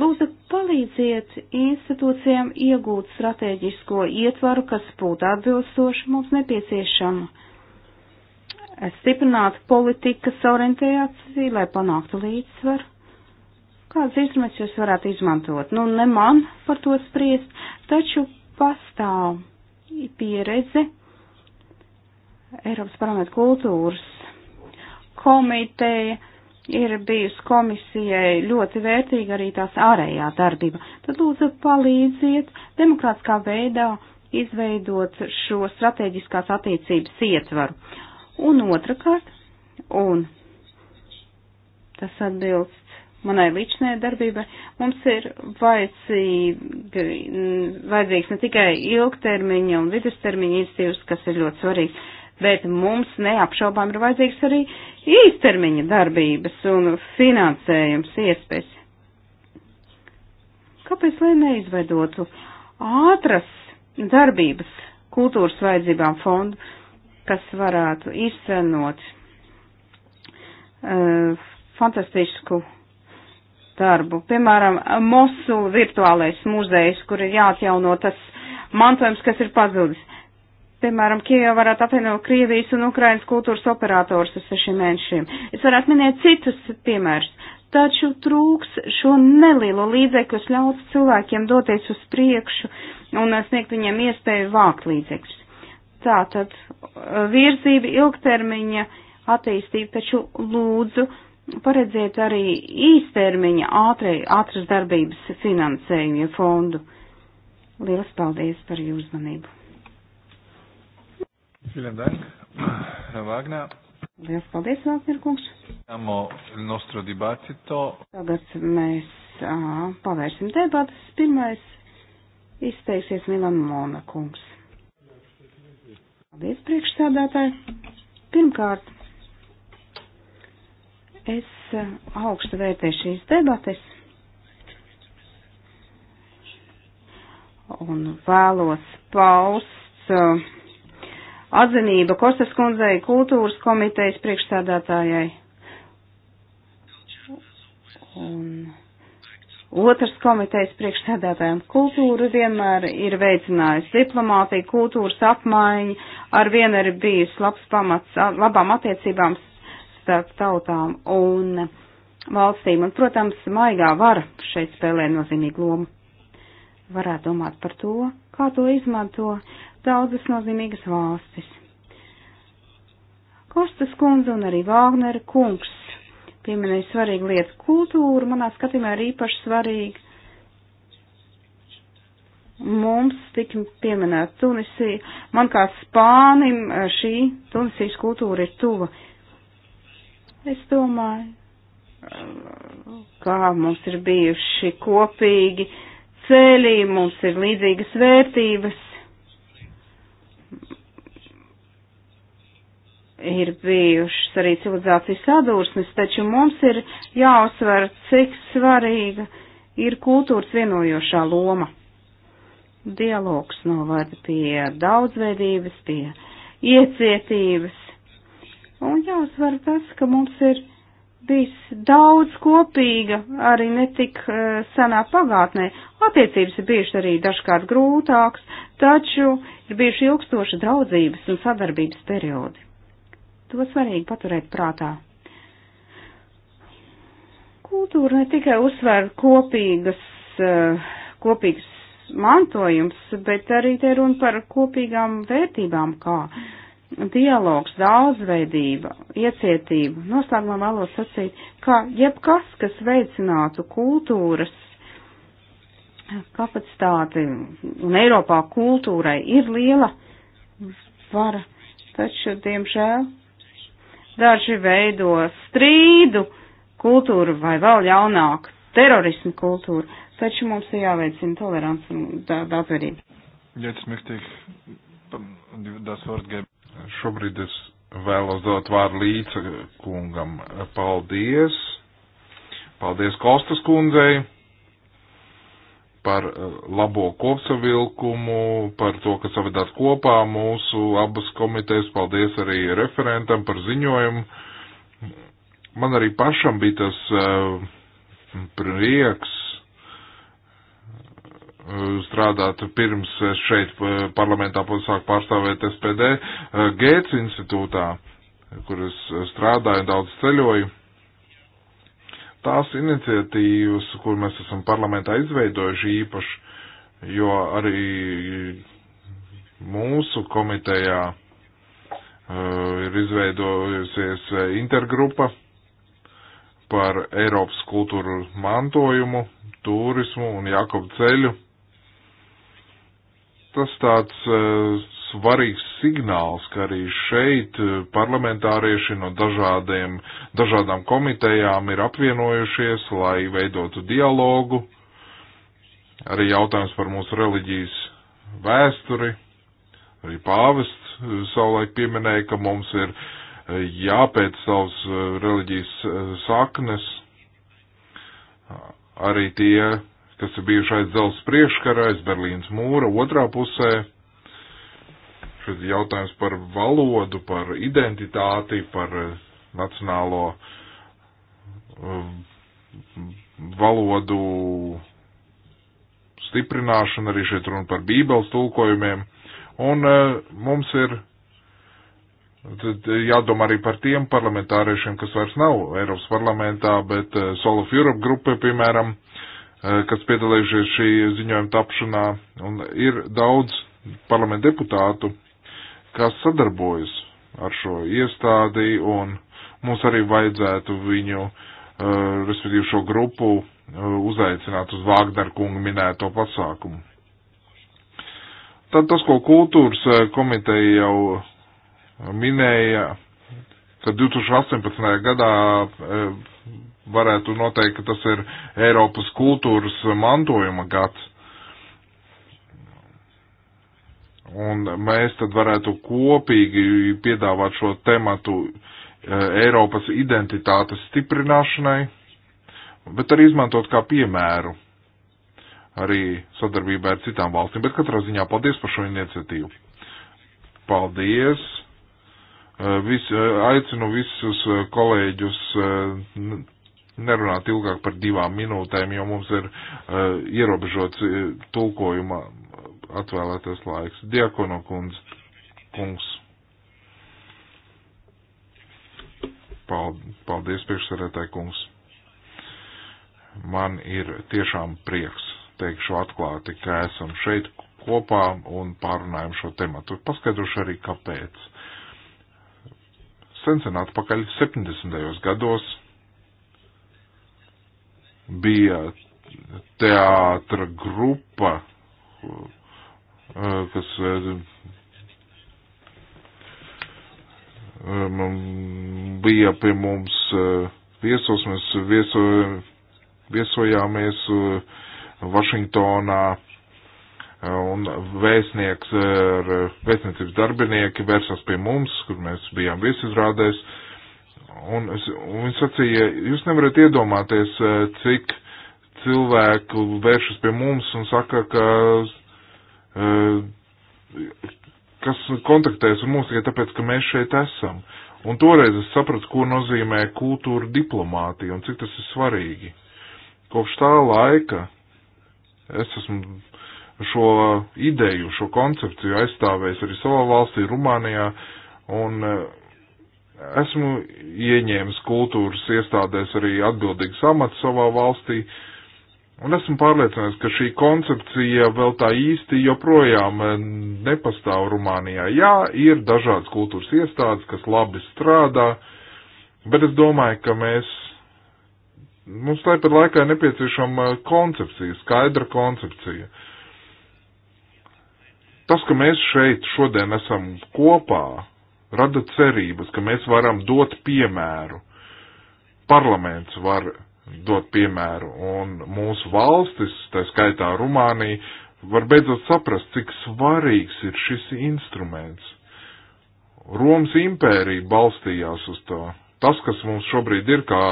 S3: Lūdzu, palīdziet institūcijām iegūt strateģisko ietvaru, kas būtu atbilstoši mums nepieciešama. Stiprināt politikas orientāciju, lai panāktu līdzsvaru. Kādas instrumentus jūs varētu izmantot? Nu, ne man par to spriest, taču pastāv pieredze Eiropas parlamenta kultūras komiteja ir bijusi komisijai ļoti vērtīga arī tās ārējā darbība. Tad lūdzu palīdziet demokrātiskā veidā izveidot šo strateģiskās attiecības ietvaru. Un otrakārt, un tas atbilst manai līdšanai darbībai, mums ir vajadzīga, vajadzīgs ne tikai ilgtermiņa un vidustermiņa institīvs, kas ir ļoti svarīgs, bet mums neapšaubām ir vajadzīgs arī īstermiņa darbības un finansējums iespējas. Kāpēc lai neizveidotu ātras darbības kultūras vajadzībām fondu, kas varētu izcenot uh, fantastisku darbu. Piemēram, Mosul virtuālais muzejs, kur ir jāatjauno tas mantojums, kas ir pazudis. Piemēram, Krievija varētu apvienot Krievijas un Ukrainas kultūras operators uz sešiem mēnešiem. Es varētu minēt citus piemērus, taču trūks šo nelielo līdzekļus ļaut cilvēkiem doties uz priekšu un sniegt viņiem iespēju vākt līdzekļus. Tātad eh, virzība ilgtermiņa attīstība, taču lūdzu paredziet arī īstermiņa ātrai, ātras darbības finansējumu fondu. Lielas paldies par jūsu uzmanību!
S1: Liels
S3: paldies, Vāgner kungs. Tagad mēs ā, pavērsim debatas. Pirmais izteiksies Milan Mona kungs. Paldies, priekšsēdētāji. Pirmkārt, es augstu vērtēju šīs debates un vēlos paust. Uh, atzinība Kostas kundzei kultūras komitejas priekšstādātājai. Un otrs komitejas priekšstādātājiem kultūra vienmēr ir veicinājusi diplomātiju, kultūras apmaiņu, ar vienu ir bijis labs pamats labām attiecībām starp tautām un valstīm. Un, protams, maigā vara šeit spēlē nozīmīgu lomu. Varētu domāt par to, kā to izmanto daudzas nozīmīgas valstis. Kostas kundze un arī Vāgnera kungs pieminēja svarīgu lietu kultūru, manā skatījumā ir īpaši svarīgi. Mums tika pieminēta Tunisija. Man kā spānim eh, šī Tunisijas kultūra ir tuva. Es domāju, kā mums ir bijuši kopīgi ceļi, mums ir līdzīgas vērtības, ir bijušas arī civilizācijas sadursmes, taču mums ir jāuzsver, cik svarīga ir kultūras vienojošā loma. Dialogs novada pie daudzveidības, pie iecietības, un jāuzsver tas, ka mums ir bijis daudz kopīga arī netik uh, eh, senā pagātnē. Attiecības ir bijušas arī dažkārt grūtākas, taču ir bijuši ilgstoši draudzības un sadarbības periodi. To svarīgi paturēt prātā. Kultūra ne tikai uzsver kopīgas, eh, kopīgas mantojums, bet arī te runa par kopīgām vērtībām, kā dialogs, daudzveidība, iecietība. Noslēgumā vēlos sacīt, ka jebkas, kas veicinātu kultūras kapacitāti, un Eiropā kultūrai ir liela vara, taču, diemžēl, Daži veido strīdu kultūru vai vēl jaunāku terorismu kultūru, taču mums ir jāveicina tolerants un dabverība.
S1: Šobrīd es vēlos dot vārdu līdz kungam. Paldies! Paldies Kostas kundzei! par eh, labo kopsavilkumu, par to, ka savedāt kopā mūsu abas komitejas. Paldies arī referentam par ziņojumu. Man arī pašam bija tas eh, prieks eh, strādāt pirms šeit parlamentā sāk pārstāvēt SPD Gēts institūtā, kur es strādāju un daudz ceļoju tās iniciatīvas, kur mēs esam parlamentā izveidojuši īpaši, jo arī mūsu komitejā uh, ir izveidojusies uh, intergrupa par Eiropas kultūru mantojumu, turismu un Jakobu ceļu. Tas tāds uh, svarīgs signāls, ka arī šeit eh, parlamentārieši no dažādiem, dažādām komitejām ir apvienojušies, lai veidotu dialogu. Arī jautājums par mūsu reliģijas vēsturi. Arī pāvests eh, savulaik pieminēja, ka mums ir eh, jāpēc savas reliģijas saknes. Arī tie, kas ir bijuši aiz dzelzs priekškarā, aiz Berlīnas mūra otrā pusē, ka jautājums par valodu, par identitāti, par eh, nacionālo eh, valodu stiprināšanu, arī šeit runa par bībeles tulkojumiem. Un eh, mums ir jādomā arī par tiem parlamentāriešiem, kas vairs nav Eiropas parlamentā, bet Soul of Europe grupa, piemēram, kas piedalījušies šī ziņojuma tapšanā, un ir daudz parlamenta deputātu, kas sadarbojas ar šo iestādi, un mums arī vajadzētu viņu, eh, respektīvi šo grupu, eh, uzaicināt uz Vāgner kunga minēto pasākumu. Tad tas, ko kultūras eh, komiteja jau minēja, ka 2018. gadā varētu noteikt, ka tas ir Eiropas kultūras mantojuma gads. Un mēs tad varētu kopīgi piedāvāt šo tematu e, Eiropas identitātes stiprināšanai, bet arī izmantot kā piemēru arī sadarbībā ar citām valstīm. Bet katrā ziņā paldies par šo iniciatīvu. Paldies! E, vis, e, aicinu visus kolēģus nerunāt ilgāk par divām minūtēm, jo mums ir ierobežots tulkojuma atvēlētais laiks. Diakono kundz, kungs. Paldies, priekšsarētāji kungs. Man ir tiešām prieks, teikšu atklāti, ka esam šeit kopā un pārunājam šo tematu. Paskaidrošu arī, kāpēc. Sensen atpakaļ 70. gados bija teātra grupa, kas eh, eh, eh, bija pie mums viesos. Mēs vieso, viesojāmies Vašingtonā un vēstnieks ar vēstniecības darbinieki vērsās pie mums, kur mēs bijām viesizrādēs. Un, es, un viņš sacīja, jūs nevarat iedomāties, cik cilvēku vēršas pie mums un saka, ka Eh, kas kontaktēs ar mums tikai tāpēc, ka mēs šeit esam. Un toreiz es sapratu, ko nozīmē kultūra diplomātija un cik tas ir svarīgi. Kopš tā laika es esmu šo ideju, šo koncepciju aizstāvējis arī savā valstī, Rumānijā, un eh, esmu ieņēmis kultūras iestādēs arī atbildīgu amatu savā valstī, uh, Un esmu pārliecināts, ka šī koncepcija vēl tā īsti joprojām eh, nepastāv Rumānijā. Jā, ir dažādas kultūras iestādes, kas labi strādā, bet es domāju, ka mēs, mums tāpat laikā nepieciešama eh, koncepcija, skaidra koncepcija. Tas, ka mēs šeit šodien esam kopā, rada cerības, ka mēs varam dot piemēru. Parlaments var dot piemēru, un mūsu valstis, tā skaitā Rumānija, var beidzot saprast, cik svarīgs ir šis instruments. Romas impērija balstījās uz to. Tas, kas mums šobrīd ir kā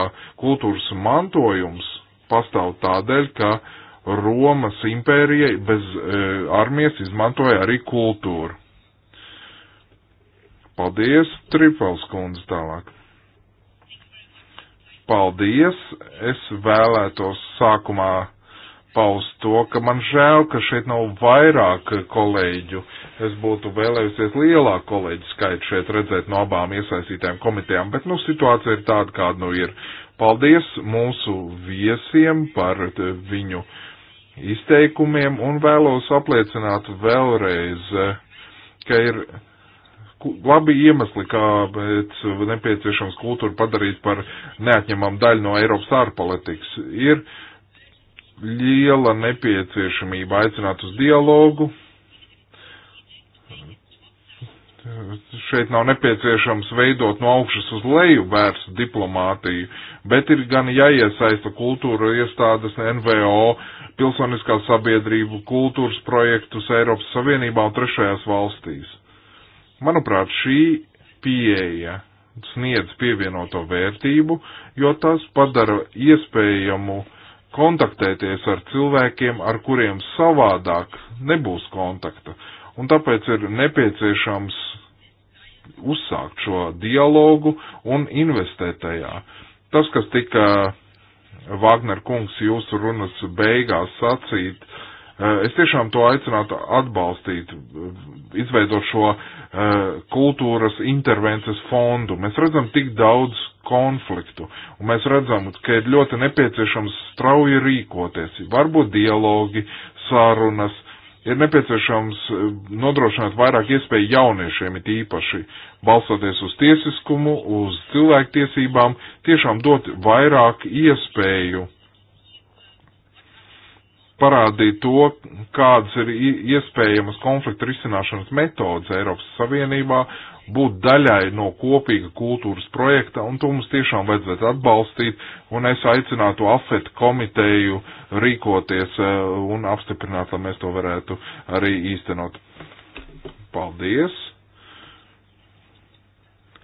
S1: kultūras mantojums, pastāv tādēļ, ka Romas impērija bez e, armijas izmantoja arī kultūru. Paldies, Trifels kundze tālāk paldies. Es vēlētos sākumā paust to, ka man žēl, ka šeit nav vairāk kolēģu. Es būtu vēlējusies lielāku kolēģu skaitu šeit redzēt no abām iesaistītām komitejām, bet nu situācija ir tāda, kāda nu ir. Paldies mūsu viesiem par viņu izteikumiem un vēlos apliecināt vēlreiz, eh, ka ir labi iemesli, kāpēc nepieciešams kultūru padarīt par neatņemam daļu no Eiropas ārpolitikas. Ir liela nepieciešamība aicināt uz dialogu. Šeit nav nepieciešams veidot no augšas uz leju vērstu diplomātiju, bet ir gan jāiesaista kultūra iestādes, NVO, pilsoniskā sabiedrība, kultūras projektus Eiropas Savienībā un trešajās valstīs Manuprāt, šī pieeja sniedz pievienoto vērtību, jo tas padara iespējamu kontaktēties ar cilvēkiem, ar kuriem savādāk nebūs kontakta. Un tāpēc ir nepieciešams uzsākt šo dialogu un investēt tajā. Tas, kas tika Vāgner kungs jūsu runas beigās sacīt, uh, Eh, es tiešām to aicinātu atbalstīt, izveidot šo eh, kultūras intervences fondu. Mēs redzam tik daudz konfliktu, un mēs redzam, ka ir ļoti nepieciešams strauji rīkoties, varbūt dialogi, sarunas, ir nepieciešams eh, nodrošināt vairāk iespēju jauniešiem, it īpaši balstoties uz tiesiskumu, uz cilvēktiesībām, tiešām dot vairāk iespēju parādīt to, kādas ir iespējamas konflikta risināšanas metodas Eiropas Savienībā, būt daļai no kopīga kultūras projekta, un to mums tiešām vajadzētu atbalstīt, un es aicinātu AFET komiteju rīkoties e, un apstiprināt, lai mēs to varētu arī īstenot. Paldies!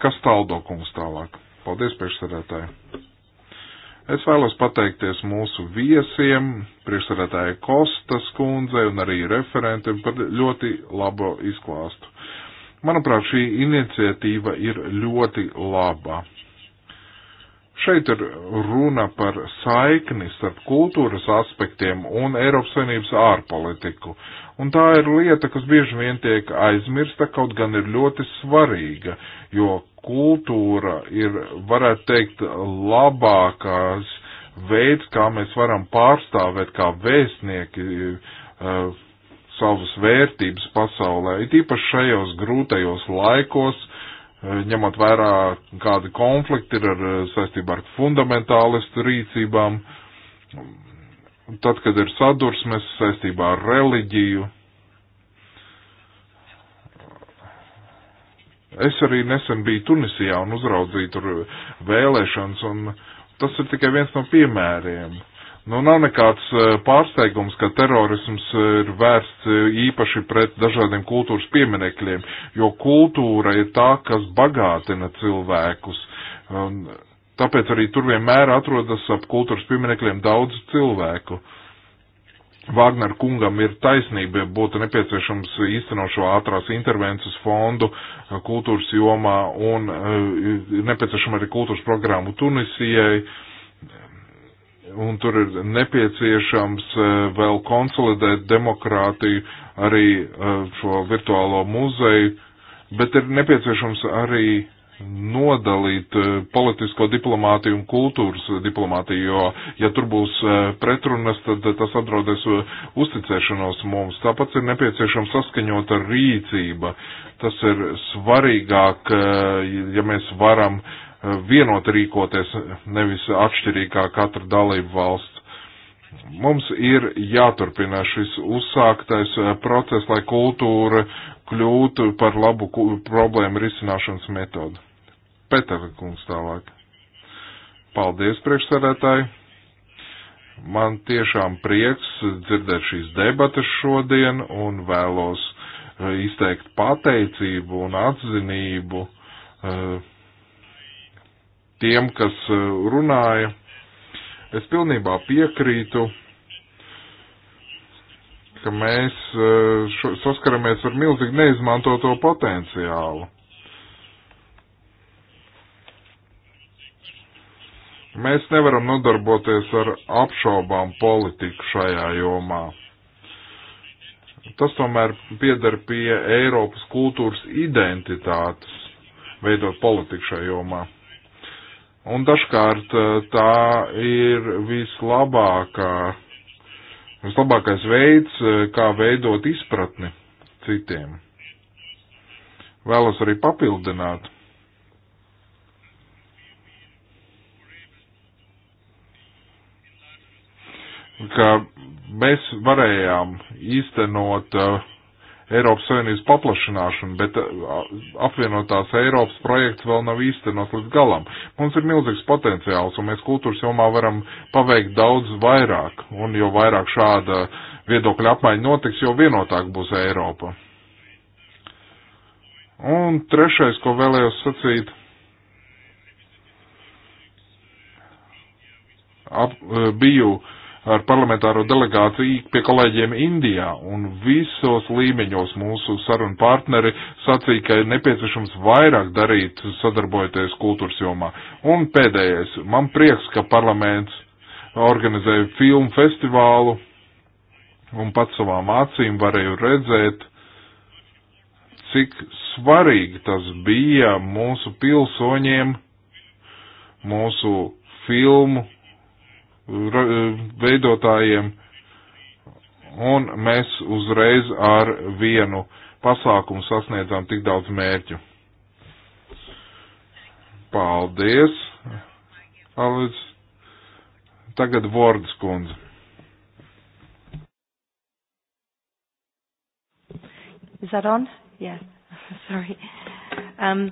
S1: Kas tāldokungs tālāk? Paldies, priekšsēdētāji! Es vēlos pateikties mūsu viesiem, priekšsarētāja Kostas kundzei un arī referentiem par ļoti labo izklāstu. Manuprāt, šī iniciatīva ir ļoti laba. Šeit ir runa par saikni starp kultūras aspektiem un Eiropas Savienības ārpolitiku, Un tā ir lieta, kas bieži vien tiek aizmirsta, kaut gan ir ļoti svarīga, jo kultūra ir, varētu teikt, labākās veids, kā mēs varam pārstāvēt kā vēstnieki uh, savas vērtības pasaulē, it īpaši šajos grūtajos laikos, uh, ņemot vērā, kādi konflikti ir ar, eh, saistībā ar fundamentālistu rīcībām. Um, tad, kad ir sadursmes saistībā ar reliģiju. Es arī nesen biju Tunisijā un uzraudzīju tur vēlēšanas, un tas ir tikai viens no piemēriem. Nu, nav nekāds e, pārsteigums, ka terorisms ir vērsts e, īpaši pret dažādiem kultūras pieminekļiem, jo kultūra ir tā, kas bagātina cilvēkus. Un, Tāpēc arī tur vienmēr atrodas ap kultūras pieminekļiem daudz cilvēku. Vāgner kungam ir taisnība, būtu nepieciešams īstenošo ātrās intervences fondu eh, kultūras jomā un eh, nepieciešama arī kultūras programmu Tunisijai. Un tur ir nepieciešams eh, vēl konsolidēt demokrātiju, arī šo virtuālo muzeju, bet ir nepieciešams arī nodalīt eh, politisko diplomātiju un kultūras diplomātiju, jo, ja tur būs eh, pretrunas, tad eh, tas apdraudēs uzticēšanos mums. Tāpat ir nepieciešama saskaņota rīcība. Tas ir svarīgāk, ja mēs varam vienot rīkoties, nevis atšķirīgi kā katra dalība valsts. Mums ir jāturpina šis uzsāktais process, lai kultūra kļūtu par labu problēmu risināšanas metodu. Petera kungs tālāk. Paldies, priekšsarētāji! Man tiešām prieks dzirdēt šīs debatas šodien un vēlos eh, izteikt pateicību un atzinību eh, tiem, kas eh, runāja. Es pilnībā piekrītu, ka mēs saskaramies ar milzīgi neizmantoto potenciālu Mēs nevaram nodarboties ar apšaubām politiku šajā jomā. Tas tomēr pieder pie Eiropas kultūras identitātes, veidot politiku šajā jomā. Un dažkārt eh, tā ir vislabākā, vislabākais veids, eh, kā veidot izpratni citiem. Vēlos arī papildināt, ka mēs varējām īstenot uh, Eiropas Savienības paplašināšanu, bet uh, apvienotās Eiropas projekts vēl nav īstenots līdz galam. Mums ir milzīgs potenciāls, un mēs kultūras jomā varam paveikt daudz vairāk, un jo vairāk šāda viedokļa apmaiņa notiks, jo vienotāk būs Eiropa. Un trešais, ko vēlējos sacīt, ap, uh, biju uh, ar parlamentāro delegāciju pie kolēģiem Indijā, un visos līmeņos mūsu sarunu partneri sacīja, ka ir nepieciešams vairāk darīt, sadarbojoties kultūras jomā. Un pēdējais, man prieks, ka parlaments organizēja filmu festivālu, un pats savām acīm varēju redzēt, cik svarīgi tas bija mūsu pilsoņiem, mūsu filmu E, veidotājiem, un mēs uzreiz ar vienu pasākumu sasniedzām tik daudz mērķu. Paldies, Alvis. Tagad Vordas kundze.
S3: Is that on? Yeah, sorry. Um,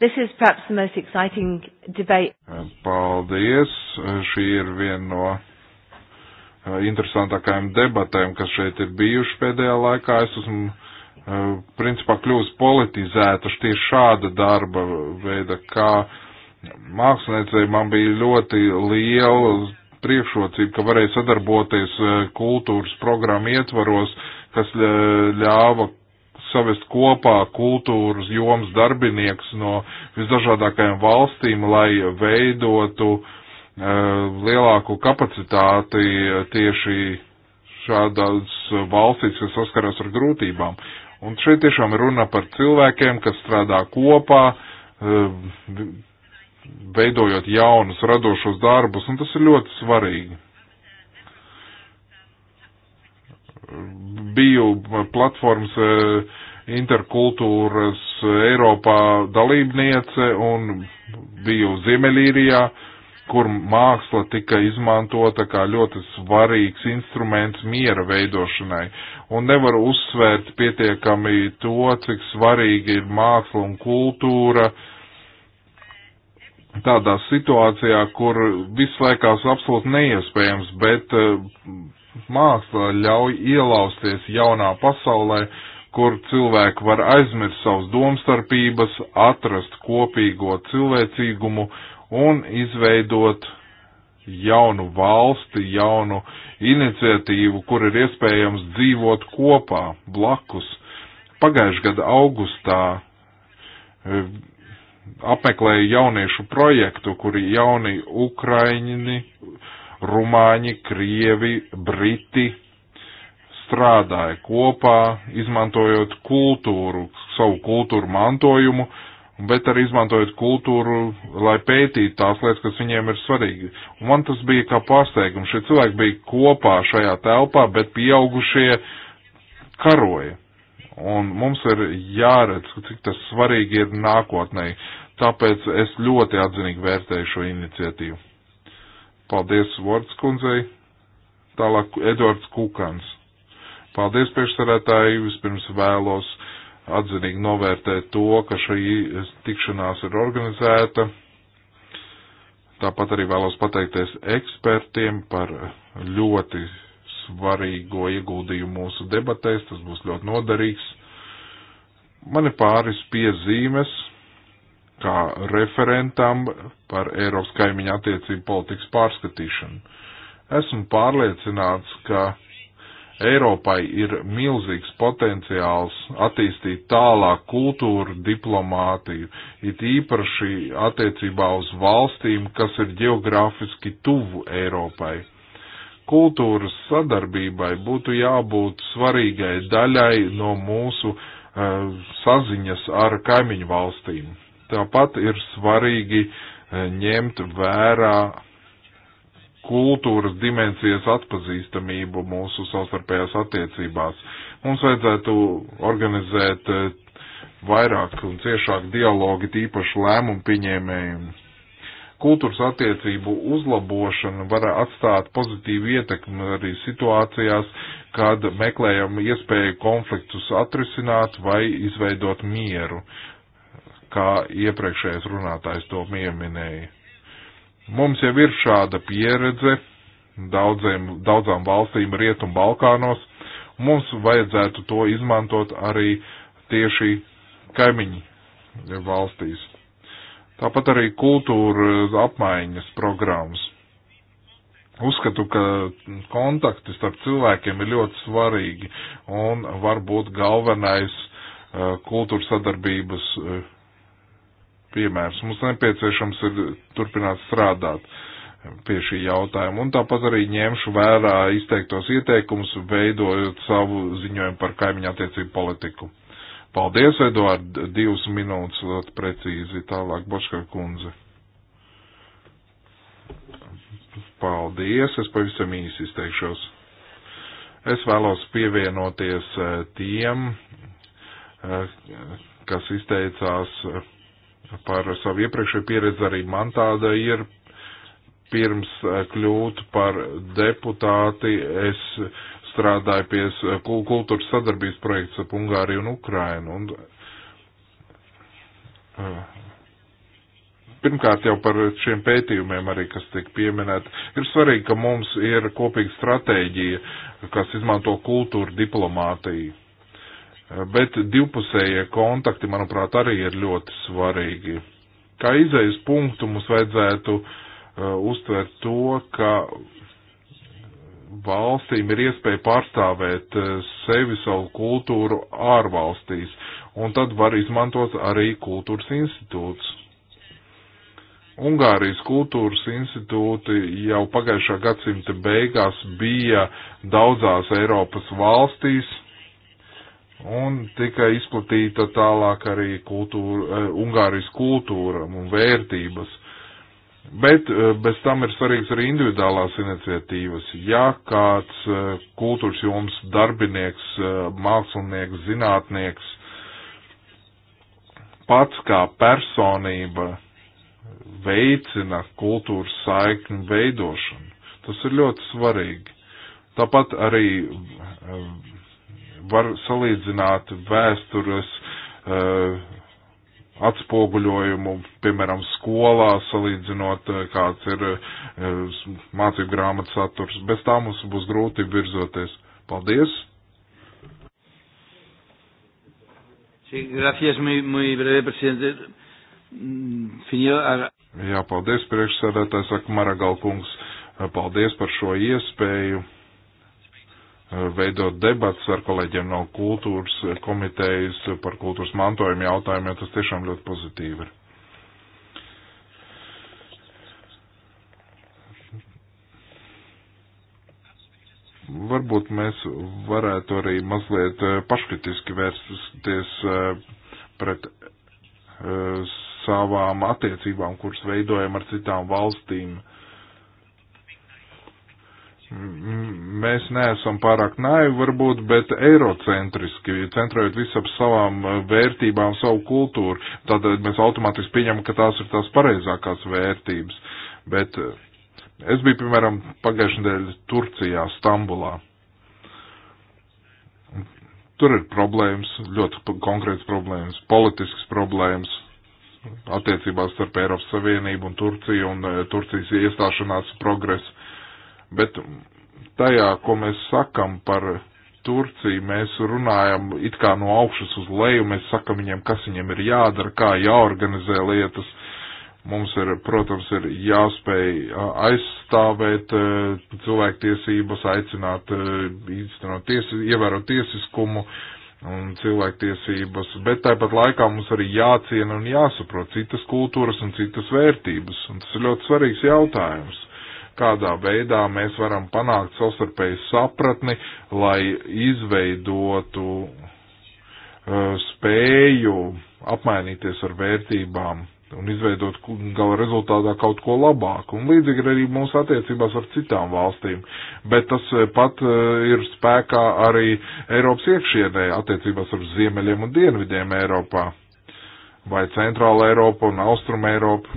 S3: This is perhaps the most exciting debate. Eh,
S1: paldies. Eh, šī ir viena no eh, interesantākajām debatēm, kas šeit ir bijuši pēdējā laikā. Es esmu principā kļūst politizēta tieši šāda darba veida, kā māksliniecei man bija ļoti liela priekšrocība, ka varēja sadarboties kultūras programmu ietvaros, kas ļāva savest kopā kultūras joms darbinieks no visdažādākajām valstīm, lai veidotu uh, lielāku kapacitāti tieši šādās valstīs, kas saskarās ar grūtībām. Un šeit tiešām ir runa par cilvēkiem, kas strādā kopā, uh, veidojot jaunus radošos darbus, un tas ir ļoti svarīgi. biju platformas e, interkultūras e, Eiropā dalībniece un biju Ziemeļīrijā, kur māksla tika izmantota kā ļoti svarīgs instruments miera veidošanai. Un nevar uzsvērt pietiekami to, cik svarīgi ir māksla un kultūra tādā situācijā, kur viss laikās absolūti neiespējams, bet e, māksla ļauj ielausties jaunā pasaulē, kur cilvēki var aizmirst savus domstarpības, atrast kopīgo cilvēcīgumu un izveidot jaunu valsti, jaunu iniciatīvu, kur ir iespējams dzīvot kopā, blakus. Pagājušajā gada augustā e, apmeklēju jauniešu projektu, kuri jauni ukraiņi rumāņi, krievi, briti strādāja kopā, izmantojot kultūru, savu kultūru mantojumu, bet arī izmantojot kultūru, lai pētītu tās lietas, kas viņiem ir svarīgi. Un man tas bija kā pārsteigums. Šie cilvēki bija kopā šajā telpā, bet pieaugušie karoja. Un mums ir jāredz, cik tas svarīgi ir nākotnē. Tāpēc es ļoti atzinīgi vērtēju šo iniciatīvu. Paldies Vorts kundzei. Tālāk Edvards Kukans. Paldies priekšsarētāji. Vispirms vēlos atzinīgi novērtēt to, ka šī tikšanās ir organizēta. Tāpat arī vēlos pateikties ekspertiem par ļoti svarīgo ieguldījumu mūsu debatēs. Tas būs ļoti noderīgs. Man ir pāris piezīmes kā referentam par Eiropas kaimiņu attiecību politikas pārskatīšanu. Esmu pārliecināts, ka Eiropai ir milzīgs potenciāls attīstīt tālāk kultūru, diplomātiju, it īpaši attiecībā uz valstīm, kas ir geogrāfiski tuvu Eiropai kultūras sadarbībai būtu jābūt svarīgai daļai no mūsu uh, saziņas ar kaimiņu valstīm. Tāpat ir svarīgi eh, ņemt vērā kultūras dimensijas atpazīstamību mūsu savstarpējās attiecībās. Mums vajadzētu organizēt eh, vairāk un ciešāk dialogi tīpaši lēmumu pieņēmējiem. Kultūras attiecību uzlabošana var atstāt pozitīvu ietekmi arī situācijās, kad meklējam iespēju konfliktus atrisināt vai izveidot mieru. Uh, kā iepriekšējais runātājs to pieminēja. Mums jau ir šāda pieredze daudziem, daudzām valstīm Rietum Balkānos. Mums vajadzētu to izmantot arī tieši kaimiņu valstīs. Tāpat arī kultūra apmaiņas programmas. Uzskatu, ka kontakti starp cilvēkiem ir ļoti svarīgi un varbūt galvenais uh, kultūras sadarbības uh, piemērs. Mums nepieciešams ir turpināt strādāt pie šī jautājuma. Un tāpat arī ņemšu vērā izteiktos ieteikumus, veidojot savu ziņojumu par kaimiņu attiecību politiku. Paldies, Eduard, divas minūtes ļoti precīzi. Tālāk, Boškar kundze. Paldies, es pavisam īsi izteikšos. Es vēlos pievienoties eh, tiem, eh, kas izteicās par savu iepriekšēju pieredzi arī man tāda ir. Pirms eh, kļūt par deputāti, es strādāju pie kultūras sadarbības projekts ap Ungāriju un Ukrainu. Un, eh, pirmkārt jau par šiem pētījumiem arī, kas tika pieminēti, ir svarīgi, ka mums ir kopīga stratēģija, kas izmanto kultūru diplomātiju. Bet divpusējie kontakti, manuprāt, arī ir ļoti svarīgi. Kā izejas punktu mums vajadzētu uh, uztvert to, ka valstīm ir iespēja pārstāvēt uh, sevi savu kultūru ārvalstīs, un tad var izmantot arī kultūras institūts. Ungārijas kultūras institūti jau pagājušā gadsimta beigās bija daudzās Eiropas valstīs, Un tika izplatīta tālāk arī kultūra, eh, Ungārijas kultūra un vērtības. Bet eh, bez tam ir svarīgs arī individuālās iniciatīvas. Ja kāds eh, kultūras joms darbinieks, mākslinieks, zinātnieks pats kā personība veicina kultūras saikņu veidošanu, tas ir ļoti svarīgi. Tāpat arī var salīdzināt vēstures uh, atspoguļojumu, piemēram, skolā, salīdzinot, eh, kāds ir uh, mācību grāmatas saturs. Bez tā mums būs grūti virzoties. Paldies!
S2: Sí, gracias, muy, muy breve, presidente. Mm, señor...
S1: Jā, paldies, priekšsēdētājs Akmaragal kungs. Paldies par šo iespēju veidot debats ar kolēģiem no kultūras komitejas par kultūras mantojuma jautājumiem, tas tiešām ļoti pozitīvi ir. Varbūt mēs varētu arī mazliet eh, paškritiski vērsties eh, pret eh, savām attiecībām, kuras veidojam ar citām valstīm. Uh, mēs neesam pārāk naivi varbūt, bet eirocentriski, centrējot visu ap savām eh, vērtībām, savu kultūru, tad mēs automātiski pieņemam, ka tās ir tās pareizākās vērtības. Bet eh, es biju, piemēram, pagājušajā nedēļā Turcijā, Stambulā. Tur ir problēmas, ļoti konkrēts problēmas, politisks problēmas attiecībās starp Eiropas Savienību un Turciju un eh, Turcijas iestāšanās progresu bet tajā, ko mēs sakam par Turciju, mēs runājam it kā no augšas uz leju, mēs sakam viņiem, kas viņiem ir jādara, kā jāorganizē lietas. Mums ir, protams, ir jāspēj aizstāvēt e, cilvēktiesības, aicināt e, īstenot tiesi, ievērot tiesiskumu un cilvēktiesības, bet tāpat laikā mums arī jāciena un jāsaprot citas kultūras un citas vērtības, un tas ir ļoti svarīgs jautājums kādā veidā mēs varam panākt savstarpēju sapratni, lai izveidotu uh, spēju apmainīties ar vērtībām un izveidot gala rezultātā kaut ko labāku. Un līdzīgi arī mūsu attiecībās ar citām valstīm. Bet tas uh, pat uh, ir spēkā arī Eiropas iekšienē attiecībās ar ziemeļiem un dienvidiem Eiropā. Vai Centrāla Eiropa un Austruma Eiropa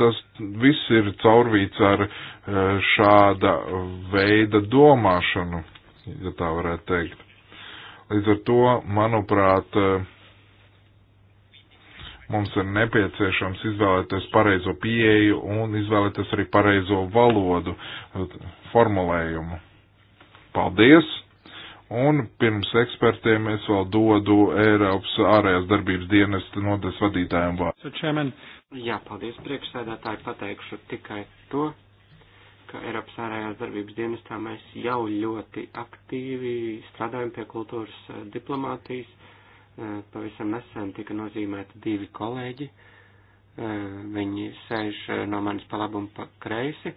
S1: Tas viss ir caurvīts ar eh, šāda veida domāšanu, ja tā varētu teikt. Līdz ar to, manuprāt, eh, mums ir nepieciešams izvēlēties pareizo pieeju un izvēlēties arī pareizo valodu eh, formulējumu. Paldies! Un pirms ekspertiem es vēl dodu Eiropas ārējās darbības dienesta nodes vadītājiem
S2: vārdu. Jā, paldies priekšsēdētāji, pateikšu tikai to, ka Eiropas ārējās darbības dienestā mēs jau ļoti aktīvi strādājam pie kultūras eh, diplomātijas. Eh, pavisam nesen tika nozīmēti divi kolēģi. Eh, viņi sēž no manis pa labu un pa kreisi.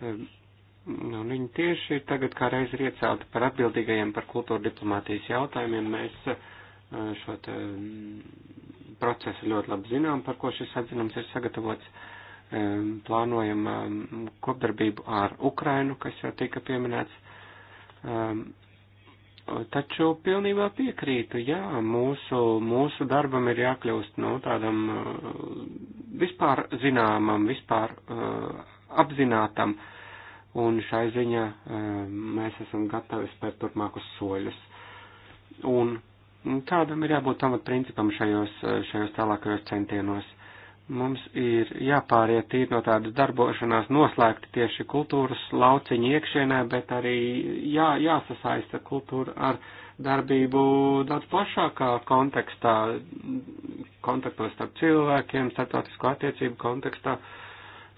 S2: Nu, un viņi tieši tagad kā reiz ir iecelti par atbildīgajiem par kultūra diplomātijas jautājumiem. Mēs šo te procesi ļoti labi zinām, par ko šis atzinums ir sagatavots. Plānojam kopdarbību ar Ukrainu, kas jau tika pieminēts. Taču pilnībā piekrītu, jā, mūsu, mūsu darbam ir jākļūst no nu, tādam eh, vispār zināmam, vispār eh, apzinātam, un šai ziņā mēs esam gatavi spērt turpmākus soļus. Un Tādam ir jābūt pamatprincipam šajos, šajos tālākajos centienos. Mums ir jāpāriet tīri no tādas darbošanās noslēgti tieši kultūras lauciņa iekšienē, bet arī jā, jāsasaista kultūra ar darbību daudz plašākā kontekstā, kontaktos starp cilvēkiem, starptautisko attiecību kontekstā.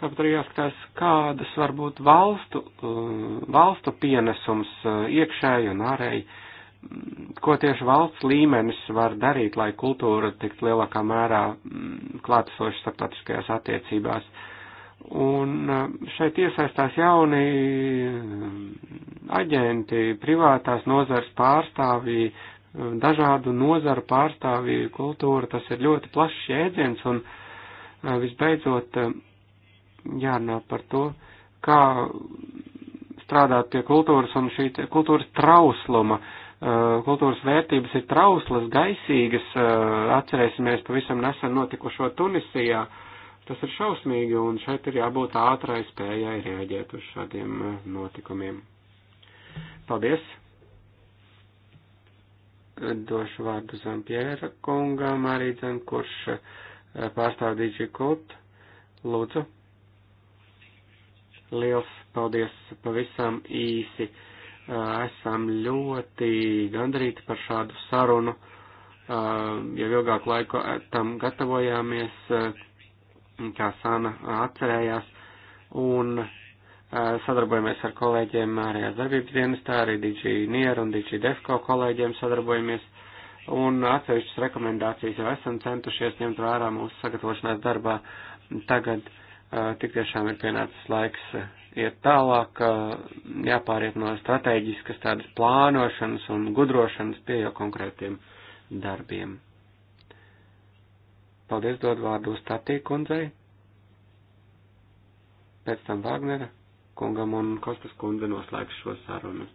S2: Tāpat arī jāskatās, kādas var būt valstu, valstu pienesums iekšēji un ārēji ko tieši valsts līmenis var darīt, lai kultūra tiktu lielākā mērā mm, klātesoši starptautiskajās attiecībās. Un mm, šeit iesaistās jauni mm, aģenti, privātās nozars pārstāvji, dažādu nozaru pārstāvji, kultūra, tas ir ļoti plašs jēdziens un visbeidzot jārunā par to, kā strādāt pie kultūras un šī kultūras trausluma. Uh, Eh, kultūras vērtības ir trauslas, gaisīgas, eh, atcerēsimies pavisam nesen notikušo Tunisijā. Tas ir šausmīgi, un šeit ir jābūt ātrai spējai rēģēt uz šādiem eh, notikumiem. Paldies! Došu vārdu Zampjēra kungam, arī dzem, kurš pārstāv Digi Kult. Lūdzu! Liels paldies pavisam īsi! esam ļoti gandarīti par šādu sarunu, jau ilgāku laiku tam gatavojāmies, kā Sāna atcerējās, un sadarbojamies ar kolēģiem ārējās darbības dienestā, arī DG Nier un DG Defko kolēģiem sadarbojamies, un atsevišķas rekomendācijas jau esam centušies ņemt vērā mūsu sagatavošanās darbā. Tagad tik tiešām ir pienācis laiks iet tālāk, jāpāriet no strateģiskas tādas plānošanas un gudrošanas pie jau konkrētiem darbiem. Paldies, dod vārdu Statī kundzei, pēc tam Vāgnera kungam un Kostas kundze noslēgs šo sarunu.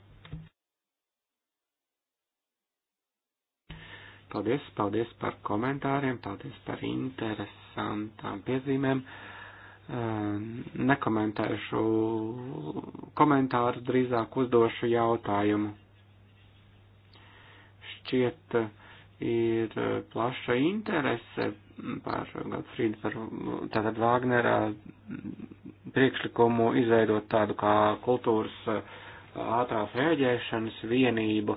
S2: Paldies, paldies par komentāriem, paldies par interesantām piezīmēm. Eh, nekomentēšu komentāru, drīzāk uzdošu jautājumu. Šķiet, eh, ir plaša interese par Gatfrīdu, par tātad Vāgnerā priekšlikumu izveidot tādu kā kultūras eh, ātrās rēģēšanas vienību.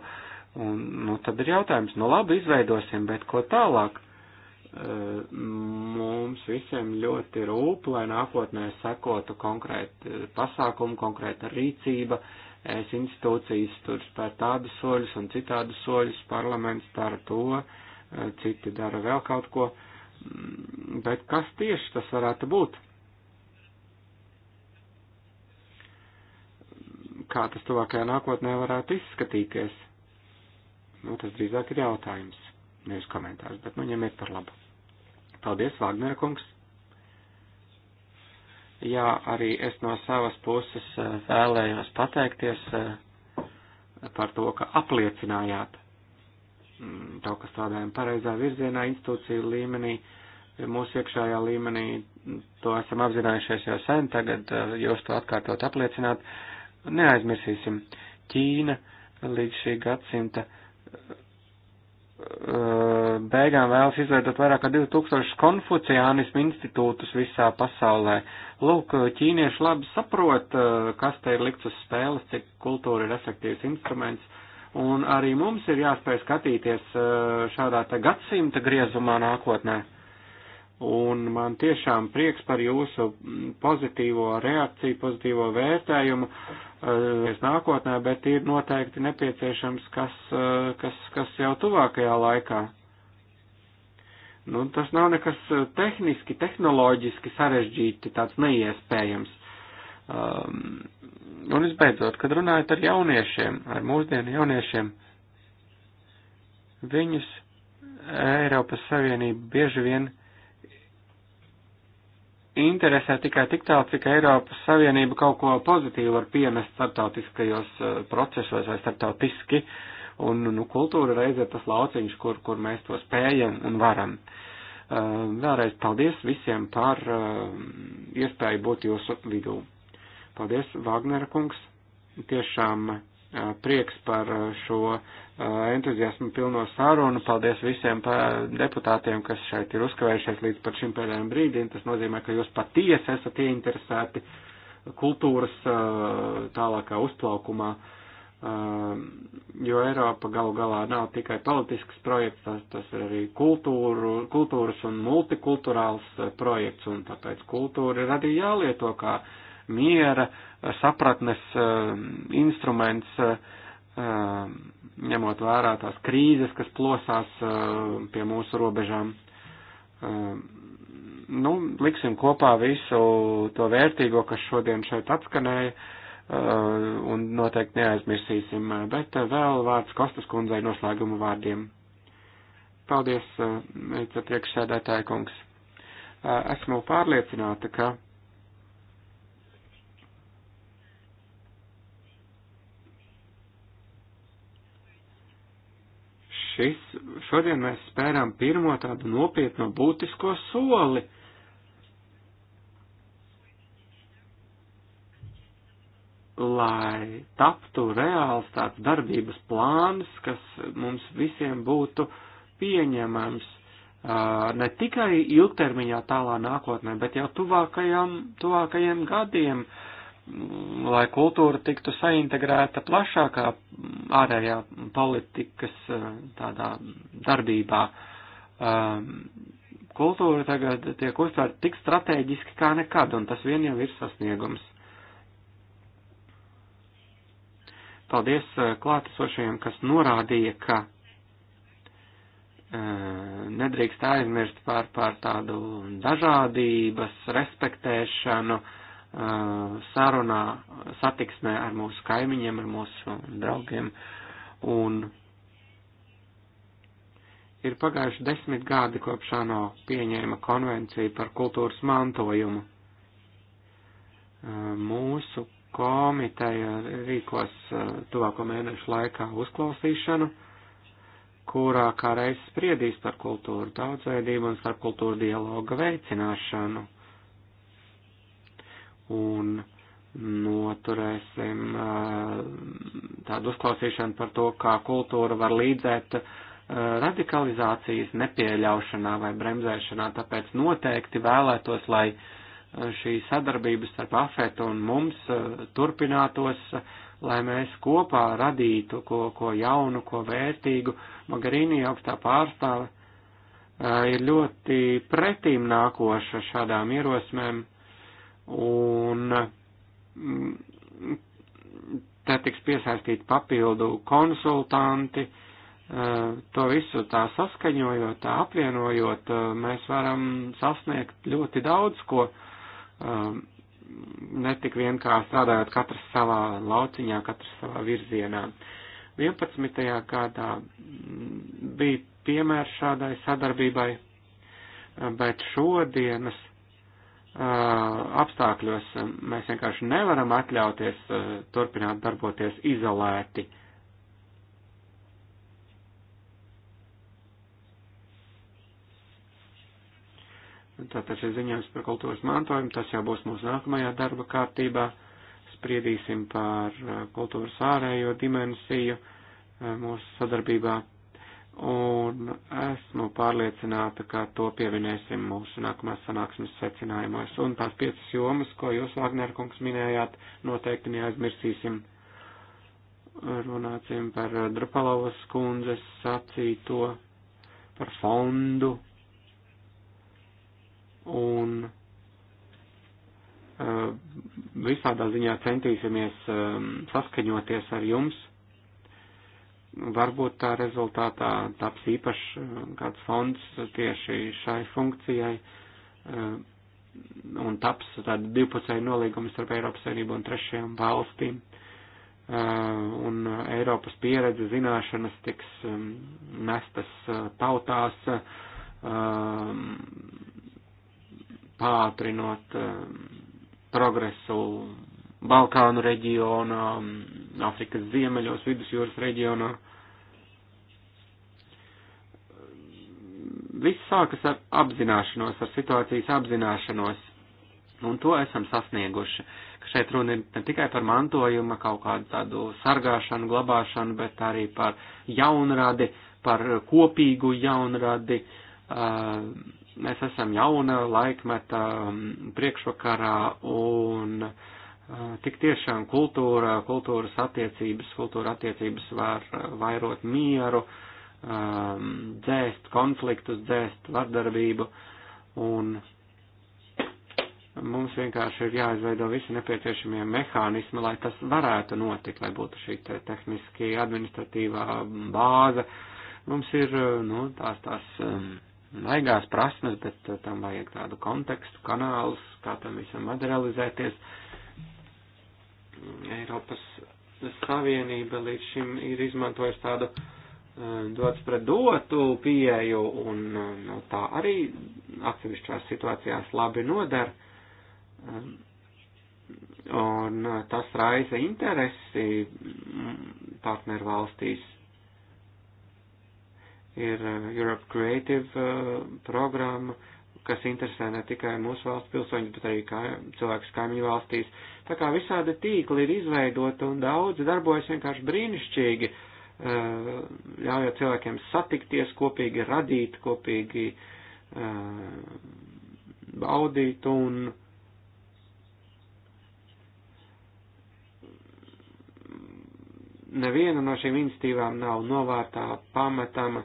S2: Un, nu, tad ir jautājums, nu labi, izveidosim, bet ko tālāk? mums visiem ļoti rūp, lai nākotnē sekotu konkrēti pasākumi, konkrēta rīcība, es institūcijas tur spēr tādus soļus un citādus soļus, parlaments dara to, citi dara vēl kaut ko, bet kas tieši tas varētu būt? Kā tas tuvākajā nākotnē varētu izskatīties? Nu, tas drīzāk ir jautājums nevis komentārs, bet nu ņemiet par labu. Paldies, Vāgnera kungs! Jā, arī es no savas puses eh, vēlējos pateikties eh, par to, ka apliecinājāt mm, to, ka strādājam pareizā virzienā, institūciju līmenī, mūsu iekšējā līmenī, to esam apzinājušies jau sen, tagad eh, jūs to atkārtot apliecināt. Neaizmirsīsim, Ķīna līdz šī gadsimta Eh, beigām vēlas izveidot vairāk kā 2000 konfuciānismu institūtus visā pasaulē. Lūk, ķīnieši labi saprot, eh, kas te ir likts uz spēles, cik kultūra ir efektīvs instruments, un arī mums ir jāspēj skatīties eh, šādā te gadsimta griezumā nākotnē un man tiešām prieks par jūsu pozitīvo reakciju, pozitīvo vērtējumu es eh, nākotnē, bet ir noteikti nepieciešams, kas, eh, kas, kas jau tuvākajā laikā. Nu, tas nav nekas eh, tehniski, tehnoloģiski sarežģīti, tāds neiespējams. Um, un visbeidzot, kad runājat ar jauniešiem, ar mūsdienu jauniešiem, viņus Eiropas Savienība bieži vien interesē tikai tik tālu, cik Eiropas Savienība kaut ko pozitīvu var piemest startautiskajos eh, procesos vai startautiski, un nu, kultūra reizē tas lauciņš, kur, kur mēs to spējam un varam. Eh, vēlreiz paldies visiem par eh, iespēju būt jūsu vidū. Paldies, Vāgnera kungs. Tiešām prieks par šo entuziasmu pilno sarunu. Paldies visiem deputātiem, kas šeit ir uzkavējušies līdz pat šim pēdējiem brīdim. Tas nozīmē, ka jūs patiesi esat ieinteresēti kultūras tālākā uzplaukumā, jo Eiropa galu galā nav tikai politisks projekts, tas, tas ir arī kultūru, kultūras un multikulturāls projekts, un tāpēc kultūra ir arī jālieto kā. Ka miera sapratnes eh, instruments, eh, ņemot vērā tās krīzes, kas plosās eh, pie mūsu robežām. Nu, liksim kopā visu to vērtīgo, kas šodien šeit atskanēja, un noteikti neaizmirsīsim, bet vēl vārds Kostas kundzei noslēguma vārdiem. Paldies, priekšsēdētāja kungs. Esmu pārliecināta, ka šis, šodien mēs spērām pirmo tādu nopietno būtisko soli. Lai taptu reāls tāds darbības plāns, kas mums visiem būtu pieņemams ne tikai ilgtermiņā tālā nākotnē, bet jau tuvākajam, tuvākajiem gadiem, uh, lai kultūra tiktu saintegrēta plašākā ārējā politikas e, tādā darbībā. E, kultūra tagad tiek uztvērta tik strateģiski kā nekad, un tas vien jau ir sasniegums. Paldies e, klātesošajiem, kas norādīja, ka nedrīkst aizmirst par, par tādu dažādības respektēšanu, uh, sarunā, satiksmē ar mūsu kaimiņiem, ar mūsu draugiem. Un ir pagājuši desmit gadi, kopš ANO pieņēma konvenciju par kultūras mantojumu. Mūsu komiteja rīkos tuvāko mēnešu laikā uzklausīšanu, kurā kā reiz spriedīs par kultūru daudzveidību un starpkultūru dialoga veicināšanu un noturēsim tādu uzklausīšanu par to, kā kultūra var līdzēt radikalizācijas nepieļaušanā vai bremzēšanā, tāpēc noteikti vēlētos, lai šī sadarbības starp afetu un mums turpinātos, lai mēs kopā radītu ko, ko jaunu, ko vērtīgu. Magarīni augstā pārstāve ir ļoti pretīm nākoša šādām ierosmēm Un mm, te tiks piesaistīti papildu konsultanti, eh, to visu tā saskaņojot, tā apvienojot, eh, mēs varam sasniegt ļoti daudz, ko eh, netik vienkārši strādājot katrs savā lauciņā, katrs savā virzienā. 11. gadā mm, bija piemērs šādai sadarbībai, bet šodienas apstākļos mēs vienkārši nevaram atļauties turpināt darboties izolēti. Tātad šis ziņojums par kultūras mantojumu, tas jau būs mūsu nākamajā darba kārtībā. Spriedīsim par kultūras ārējo dimensiju mūsu sadarbībā un esmu pārliecināta, ka to pieminēsim mūsu nākamās sanāksmes secinājumos. Un tās piecas jomas, ko jūs, Vāgner kungs, minējāt, noteikti neaizmirsīsim. Runāsim par Drapalovas kundzes sacīto, par fondu un eh, visādā ziņā centīsimies eh, saskaņoties ar jums varbūt tā rezultātā taps īpašs eh, kāds fonds tieši šai funkcijai eh, un taps tāda divpusēja nolīguma starp Eiropas Savienību un trešajām valstīm. Eh, un Eiropas pieredze, zināšanas tiks nestas tautās, pātrinot progresu Balkānu reģionā, Afrikas ziemeļos, Vidusjūras reģionā. Viss sākas ar apzināšanos, ar situācijas apzināšanos, un to esam sasnieguši. Ka šeit runa ir ne tikai par mantojuma kaut kādu tādu sargāšanu, glabāšanu, bet arī par jaunradi, par kopīgu jaunradi. Mēs esam jauna laikmeta priekšvakarā un uh, tik tiešām kultūra, kultūras attiecības, kultūra attiecības var vairot mieru, dzēst konfliktus, dzēst vardarbību, un mums vienkārši ir jāizveido visi nepieciešamie mehānismi, lai tas varētu notikt, lai būtu šī te tehniski administratīvā bāze. Mums ir, nu, tās tās maigās prasmes, bet tam vajag tādu kontekstu, kanālus, kā tam visam materializēties. Uh, Eiropas Savienība līdz šim ir izmantojusi tādu e, dots pret dotu pieeju, un e, no tā arī atsevišķās situācijās labi noder. E, un tas raisa interesi partneru valstīs. Ir Europe Creative programma, kas interesē ne tikai mūsu valsts pilsoņus, bet arī kā, cilvēkus kaimiņu valstīs. Tā kā visādi tīkli ir izveidoti un daudzi darbojas vienkārši brīnišķīgi, eh, ļaujot cilvēkiem satikties, kopīgi radīt, kopīgi eh, baudīt un neviena no šīm institīvām nav novārtā pametama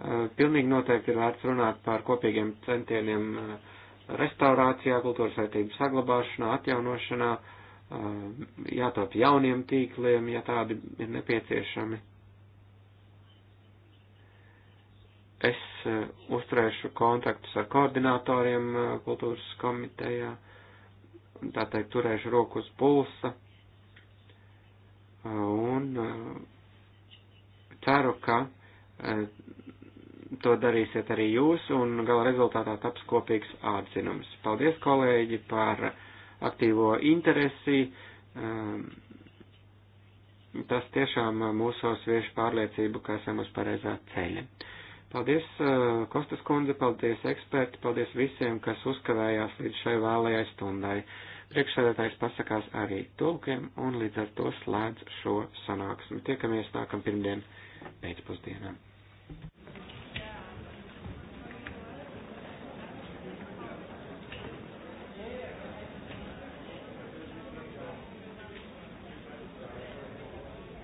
S2: Eh, pilnīgi noteikti ir vērts runāt par kopīgiem centieniem eh, restaurācijā, kultūras vērtību saglabāšanā, atjaunošanā, eh, jātop jauniem tīkliem, ja tādi ir nepieciešami. es uzturēšu kontaktus ar koordinatoriem kultūras komitejā, tā teikt, turēšu roku uz pulsa un ceru, ka to darīsiet arī jūs, un gala rezultātā taps kopīgs atzinums. Paldies, kolēģi, par aktīvo interesi. Ehm, tas tiešām mūsos vieš pārliecību, ka esam uz pareizā ceļa. Paldies, eh, Kostas kundze, paldies eksperti, paldies visiem, kas uzkavējās līdz šai vēlējai stundai. Priekšsēdētājs pasakās arī tulkiem un līdz ar to slēdz šo sanāksmi. Tiekamies nākam pirmdien pēcpusdienām.